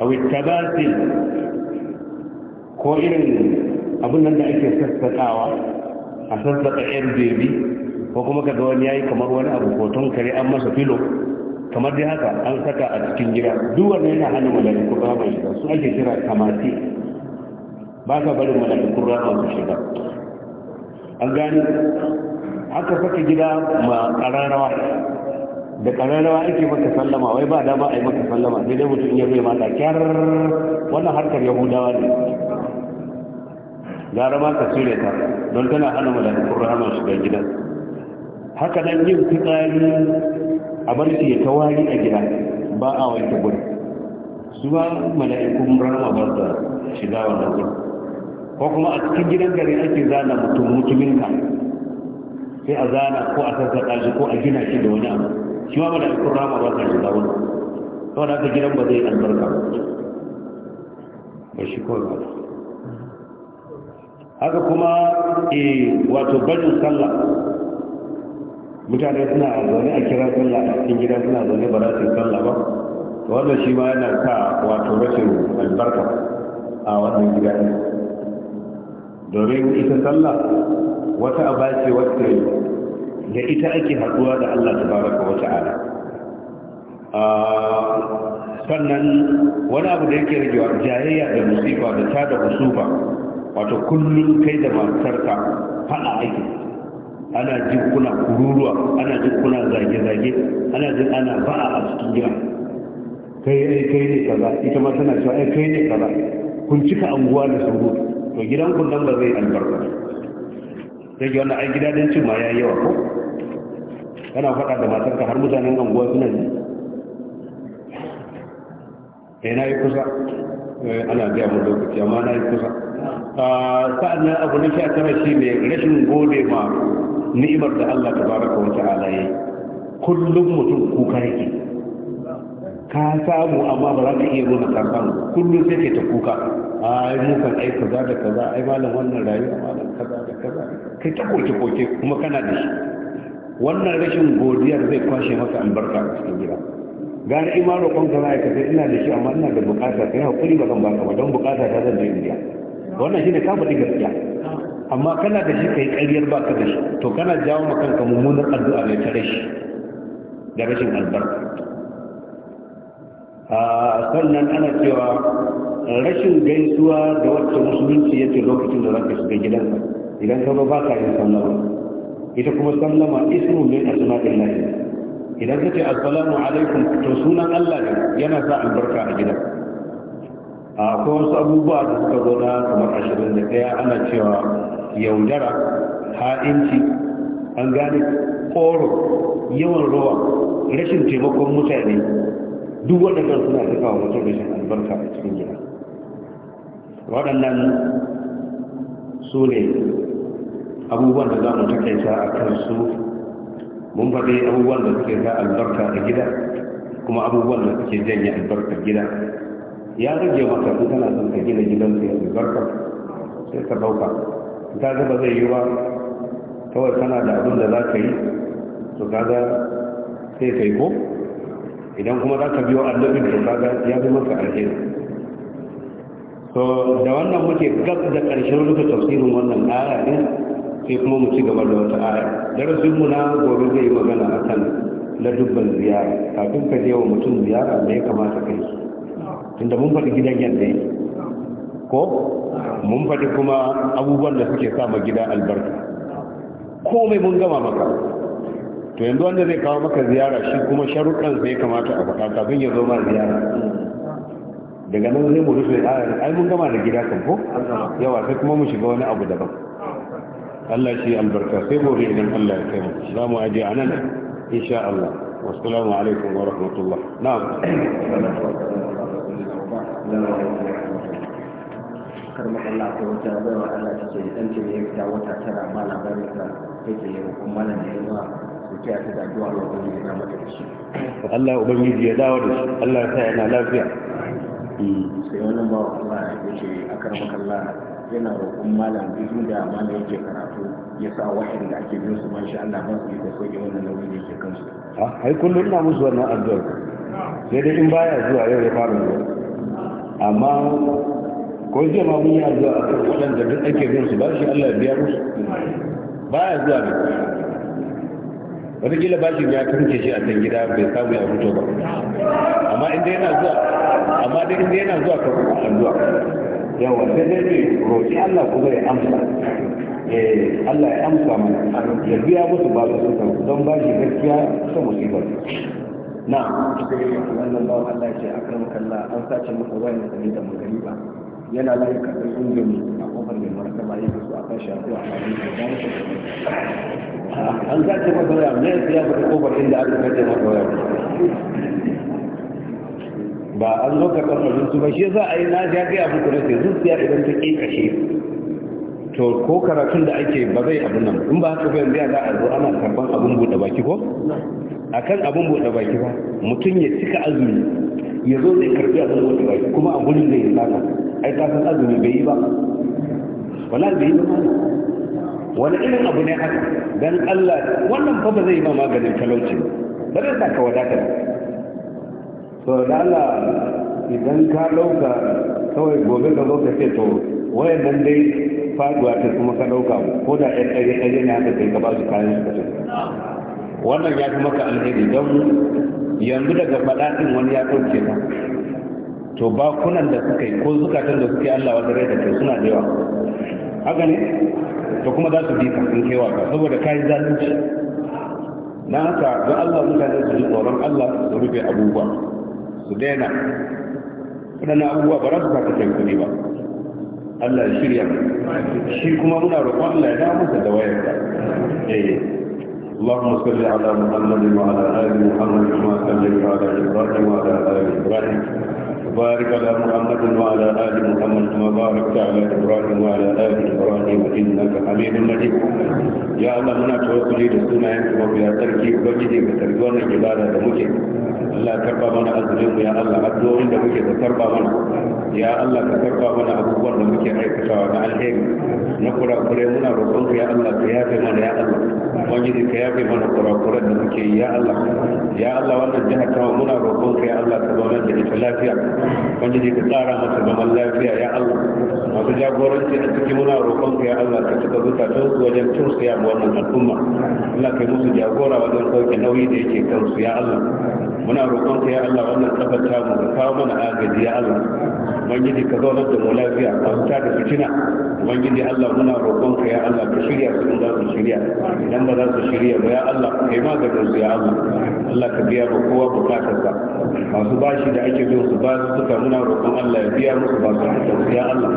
a wittabasi ko irin abin nan da ake sassaƙawa a sassaka bebi ko kuma ka ga wani yayi kamar wani abu hoton kare an masa filo kamar dai haka an saka a cikin gida duk wannan yana hana mala'iku ba mai shiga su ake kira kamati ba ka barin mala'ikun ba mai shiga an gani aka saka gida ma kararrawa da kararrawa ake maka sallama wai ba dama a yi maka sallama sai dai mutum ya zai mata kyar wannan harkar yahudawa ne gara ma ka cire ta don tana hana mala'ikun rahama shiga gidan haka nan yin fitsari a barci ya ta wari a gida ba a wanke gudu su ba mala'ikun rahama ba da shiga wa gudu ko kuma a cikin gidan gari ake zana mutum mutumin ka sai a zana ko a sassaɗa shi ko a gina shi da wani abu shi ma mala'ikun rahama ba sa shiga wani da haka gidan ba zai albarka ba shi kawai ba haka kuma e wato barin sallah mutane suna zaune a kira sallah a cikin gida suna zaune ba za su sallah ba to wannan shi ma yana sa wato rashin albarka a wannan gida domin ita sallah wata aba ce wacce da ita ake haɗuwa da Allah Ta tabaraka wa ta'ala sannan wani abu da yake rage jayayya da musifa da tada musufa wato kullum kai da matarka fada ake ana jin kuna kururuwa ana jin kuna zage-zage ana jin ana ba'a a cikin gida kai ai kai ne kaza ita ma tana cewa ai kai ne kaza kun cika anguwa da sauro to gidan kun nan ba zai albarka sai ga wannan ai gida dan cin ma yayi yawa ko kana faɗa da matarka har mutanen anguwa suna ji eh na yi kusa Eh, ana gaya mu lokaci amma na yi kusa ah, sa'annan abu na a tara shi ne rashin gode ma ni'imar da Allah ta baraka wa ta'ala ya kullum mutum kuka yake ka samu amma ba za ka iya nuna ka samu kullum sai ke ta kuka a yi kan ai kaza da kaza ai malam wannan rayuwa malam kaza da kaza kai ta koke koke kuma kana da shi wannan rashin godiyar zai kwashe maka albarka a cikin gida gane ima roƙon ka za ka sai ina da shi amma ina da bukata kai haƙuri ba zan baka ba don bukata ta zan je indiya wannan shine ka faɗi gaskiya amma kana da shi ka kai ƙaryar ka da shi to kana jawo ma kanka mummunar addu'a mai tare shi da rashin albarka a ah, sannan ana cewa rashin gaisuwa da wacce musulunci ce lokacin da za ka shiga gidansa idan ka ba ka yin sallama ita kuma sallama ismu min asma'illah idan ka ce assalamu alaikum to sunan Allah ne yana sa albarka a gidan a ko wasu abubuwa da suka zo na kamar ashirin da ɗaya ana cewa yaudara ha'inci an gane koro yawan ruwa rashin taimakon mutane duk waɗannan suna suka wa mutum rashin albarka a cikin gida waɗannan su ne abubuwan da za mu takaita a kan su. mun faɗi abubuwan da suke sa albarka a gida kuma abubuwan da suke janye albarka gida ya rage maka in kana son ka gina gidan sai albarka sai ka ɗauka ta ga ba zai yi ba kawai kana da abin da za ka yi to kaga sai ka yi ko idan kuma za ka biyo annabi to kaga ya fi maka alheri to da wannan muke gab da ƙarshen rufe tafsirin wannan aya ne sai kuma mu ci gaba da wata aya mu na gobe zai yi magana a kan dubban ziyara kafin ka je wa mutum ziyara da ya kamata kai tunda mun faɗi gidan yadda yi ko mun faɗi kuma abubuwan da suke sa ma gida albarka komai mun gama maka to yanzu wanda zai kawo maka ziyara shi kuma sharuɗan sai kamata a faɗa kafin ya zo ma ziyara daga nan zai mu rufe ayar ai mun gama da gida kan ko yawa sai kuma mu shiga wani abu daban Allah shi albarka sai gobe idan Allah ya kai mu za mu aje a nan insha Allah wassalamu alaikum wa rahmatullah na'am karmar Allah ko wata baiwa Allah take da ɗan ya fita wata tara ma labarin ta take yi kuma malam da yawa suke ta da addu'a wa ubangiji ya mata da shi Allah ubangiji ya dawo da shi Allah ya sa yana lafiya sai wannan ba Allah ya ce akar makalla yana roƙon malam duk da malam yake karatu ya sa wa'in da ake bin su masha Allah ba su yi da soke wannan nauyi da yake kansu ai kullum ina musu wannan addu'ar sai dai in baya zuwa yau ya fara zuwa amma ko jiya ma mun yi addu'a a kan waɗanda duk ake bin su ba shi Allah ya biya musu baya zuwa da wataƙila bashin ya kanke shi a can gida bai samu ya fito ba amma inda yana zuwa amma inda yana zuwa ka addu'a yawa sai dai mai roƙi Allah ku zai amsa eh, Allah ya amsa mu ya biya musu ba su don ba shi gaskiya ta musibar na wannan ba Allah ce akram kallah an sace masa wani sani da ba. yana lafiya karɓar indomi a kofar mai martaba a fi su a kan shafi a kan an sace masa wani ne ya fi kofar inda aka kace masa wani ba an zo karɓar majinsu ba shi za a yi na ja ga abu na sai zuciya idan ta ƙi kashe to ko karatun da ake ba zai abun nan in ba haka bayan biya za a zo ana karɓar abin bude baki ko a kan abun buɗe baki ba mutum ya cika azumi ya zo zai karɓi abun bude baki kuma a gurin zai saka ai ka san azumi bai yi ba wala bai yi ba wani irin abu ne haka dan Allah wannan fa ba zai yi maganin talauci ba zai saka wadatar to lala idan ka ɗauka kawai gobe ka zo ka ce to waye nan dai faduwa ta kuma ka ɗauka ko da ɗan ɗari ɗari ne haka sai ka ba su kayan su kashe wannan ya fi maka alheri don yanzu daga faɗaɗin wani ya ɗauke ka to ba kunan da suka yi ko zukatan da suke Allah wata rai da ke suna da yawa haka ne to kuma za su bi ka sun kewa ka saboda kayi zalunci na haka ga Allah mutane su ji tsoron Allah su rufe abubuwa su daina waɗannan abubuwa ba za su saka can kuɗi ba Allah ya shirya shi kuma muna roƙon Allah ya dawo masa da wayarsa eh اللهم صل على محمد وعلى ال محمد كما صليت على ابراهيم وعلى ال ابراهيم وبارك على محمد وعلى ال محمد كما باركت على ابراهيم وعلى ال ابراهيم انك حميد مجيد يا الله muna tawakkali da sunayen ka babu ya sarki ubangiji ka tarbi wannan ibada da muke Allah karba mana azumin mu ya Allah addu'o'in da muke ka karba mana ya Allah ka karba mana abubuwan da muke aikatawa na alheri na kurakure muna roƙon ya Allah ka yafe mana ya Allah ubangiji ka yafe mana kurakuren da muke yi ya Allah ya Allah wannan jihar ta muna roƙon ya Allah ka zaunar da ita lafiya ubangiji ka tsara masa zaman lafiya ya Allah masu jagoranci a ciki muna roƙon ya Allah ka cika zukatan su wajen tursaya wannan al'umma Allah ka yi musu jagora wajen sauke nauyi da yake kansu ya Allah muna roƙon ya Allah wannan tabbata mu ka kawo mana agaji ya Allah ubangiji ka zaunar da mu lafiya ka huta da fitina ubangiji Allah muna roƙon ka ya Allah ka shirya su za su shirya idan ba za su shirya ba ya Allah kai maganin su ya Allah Allah ka biya ba kowa bukatarsa masu bashi da ake bin su ba su suka muna roƙon Allah ya biya musu ba su ya Allah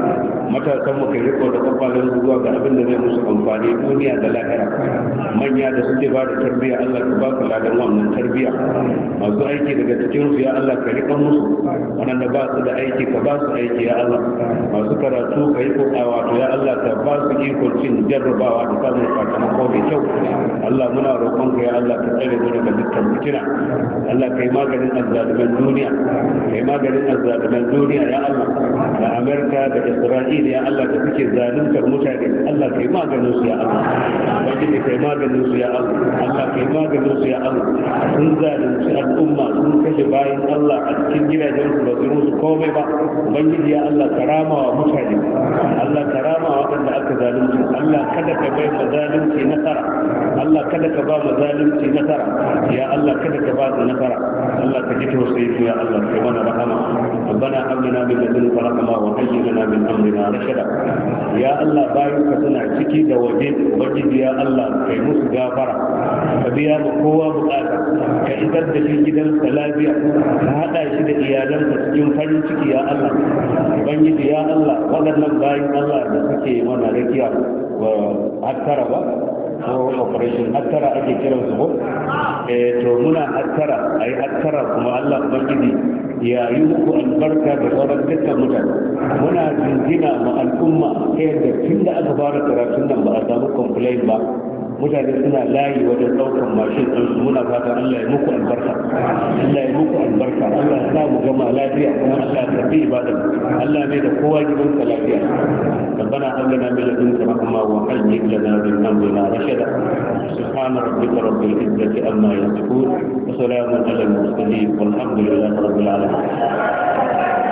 matasan mu kai riko da kafalin zuwa ga abin da zai musu amfani duniya da lahira manya da suke ba da tarbiyya Allah ka ba su ladan wannan tarbiyya masu aiki daga cikin su ya Allah ka riƙa musu wanda ba su da aiki ka ba su aiki ya Allah masu karatu ka yi a wato ya Allah ka ba su ikon cin jarrabawa da samun sakamako mai kyau Allah muna roƙon ka ya Allah ka tsare mu daga dukkan fitina Allah ka yi maganin azzaluman duniya ka yi maganin azzaluman duniya ya Allah da Amerika da Isra'ila ya Allah da suke zaluntar mutane Allah ka yi maganin su ya Allah ubangiji ka yi maganin su ya Allah Allah ka yi maganin su ya Allah sun zalunci al'umma sun kashe bayan Allah a cikin gidajen su ba su komai ba ubangiji ya Allah karama wa mutane Allah karama wa waɗanda aka zalunci Allah kada ka bai mazalunci nasara Allah kada ka ba mazalunci nasara ya Allah kada ka ba su nasara Allah ka ji tausayi ya Allah ka mana rahama ربنا هب لنا من لدنك رحمة وهيئ لنا من أمرنا رشدا يا الله بايعك سنة ciki da waje ubangiji ya Allah kai musu gafara ka biya ma kowa bukata ka isar da shi gidansa lafiya ka hada shi da iyalansa cikin farin ciki ya Allah ubangiji ya Allah waɗannan bayan Allah da suke mana rakiya ba hattara ba ko operation hattara ake kiran su ko eh to muna hattara ai hattara kuma Allah ubangiji ya yi muku albarka da sauran dukkan mutane muna jingina ma al'umma ta yadda tun da aka fara karatun nan ba a samu complain ba mutane suna layi wajen ɗaukar mashin ɗin su muna fata Allah ya muku albarka Allah ya muku albarka Allah ya sa mu gama lafiya kuma Allah ya tafi ibadan Allah mai da kowa gidansa lafiya ربنا هب لنا من لدنك رحمة وهيئ لنا من أمرنا رشدا سبحان ربك رب العزة عما يصفون وسلام على المرسلين والحمد لله رب العالمين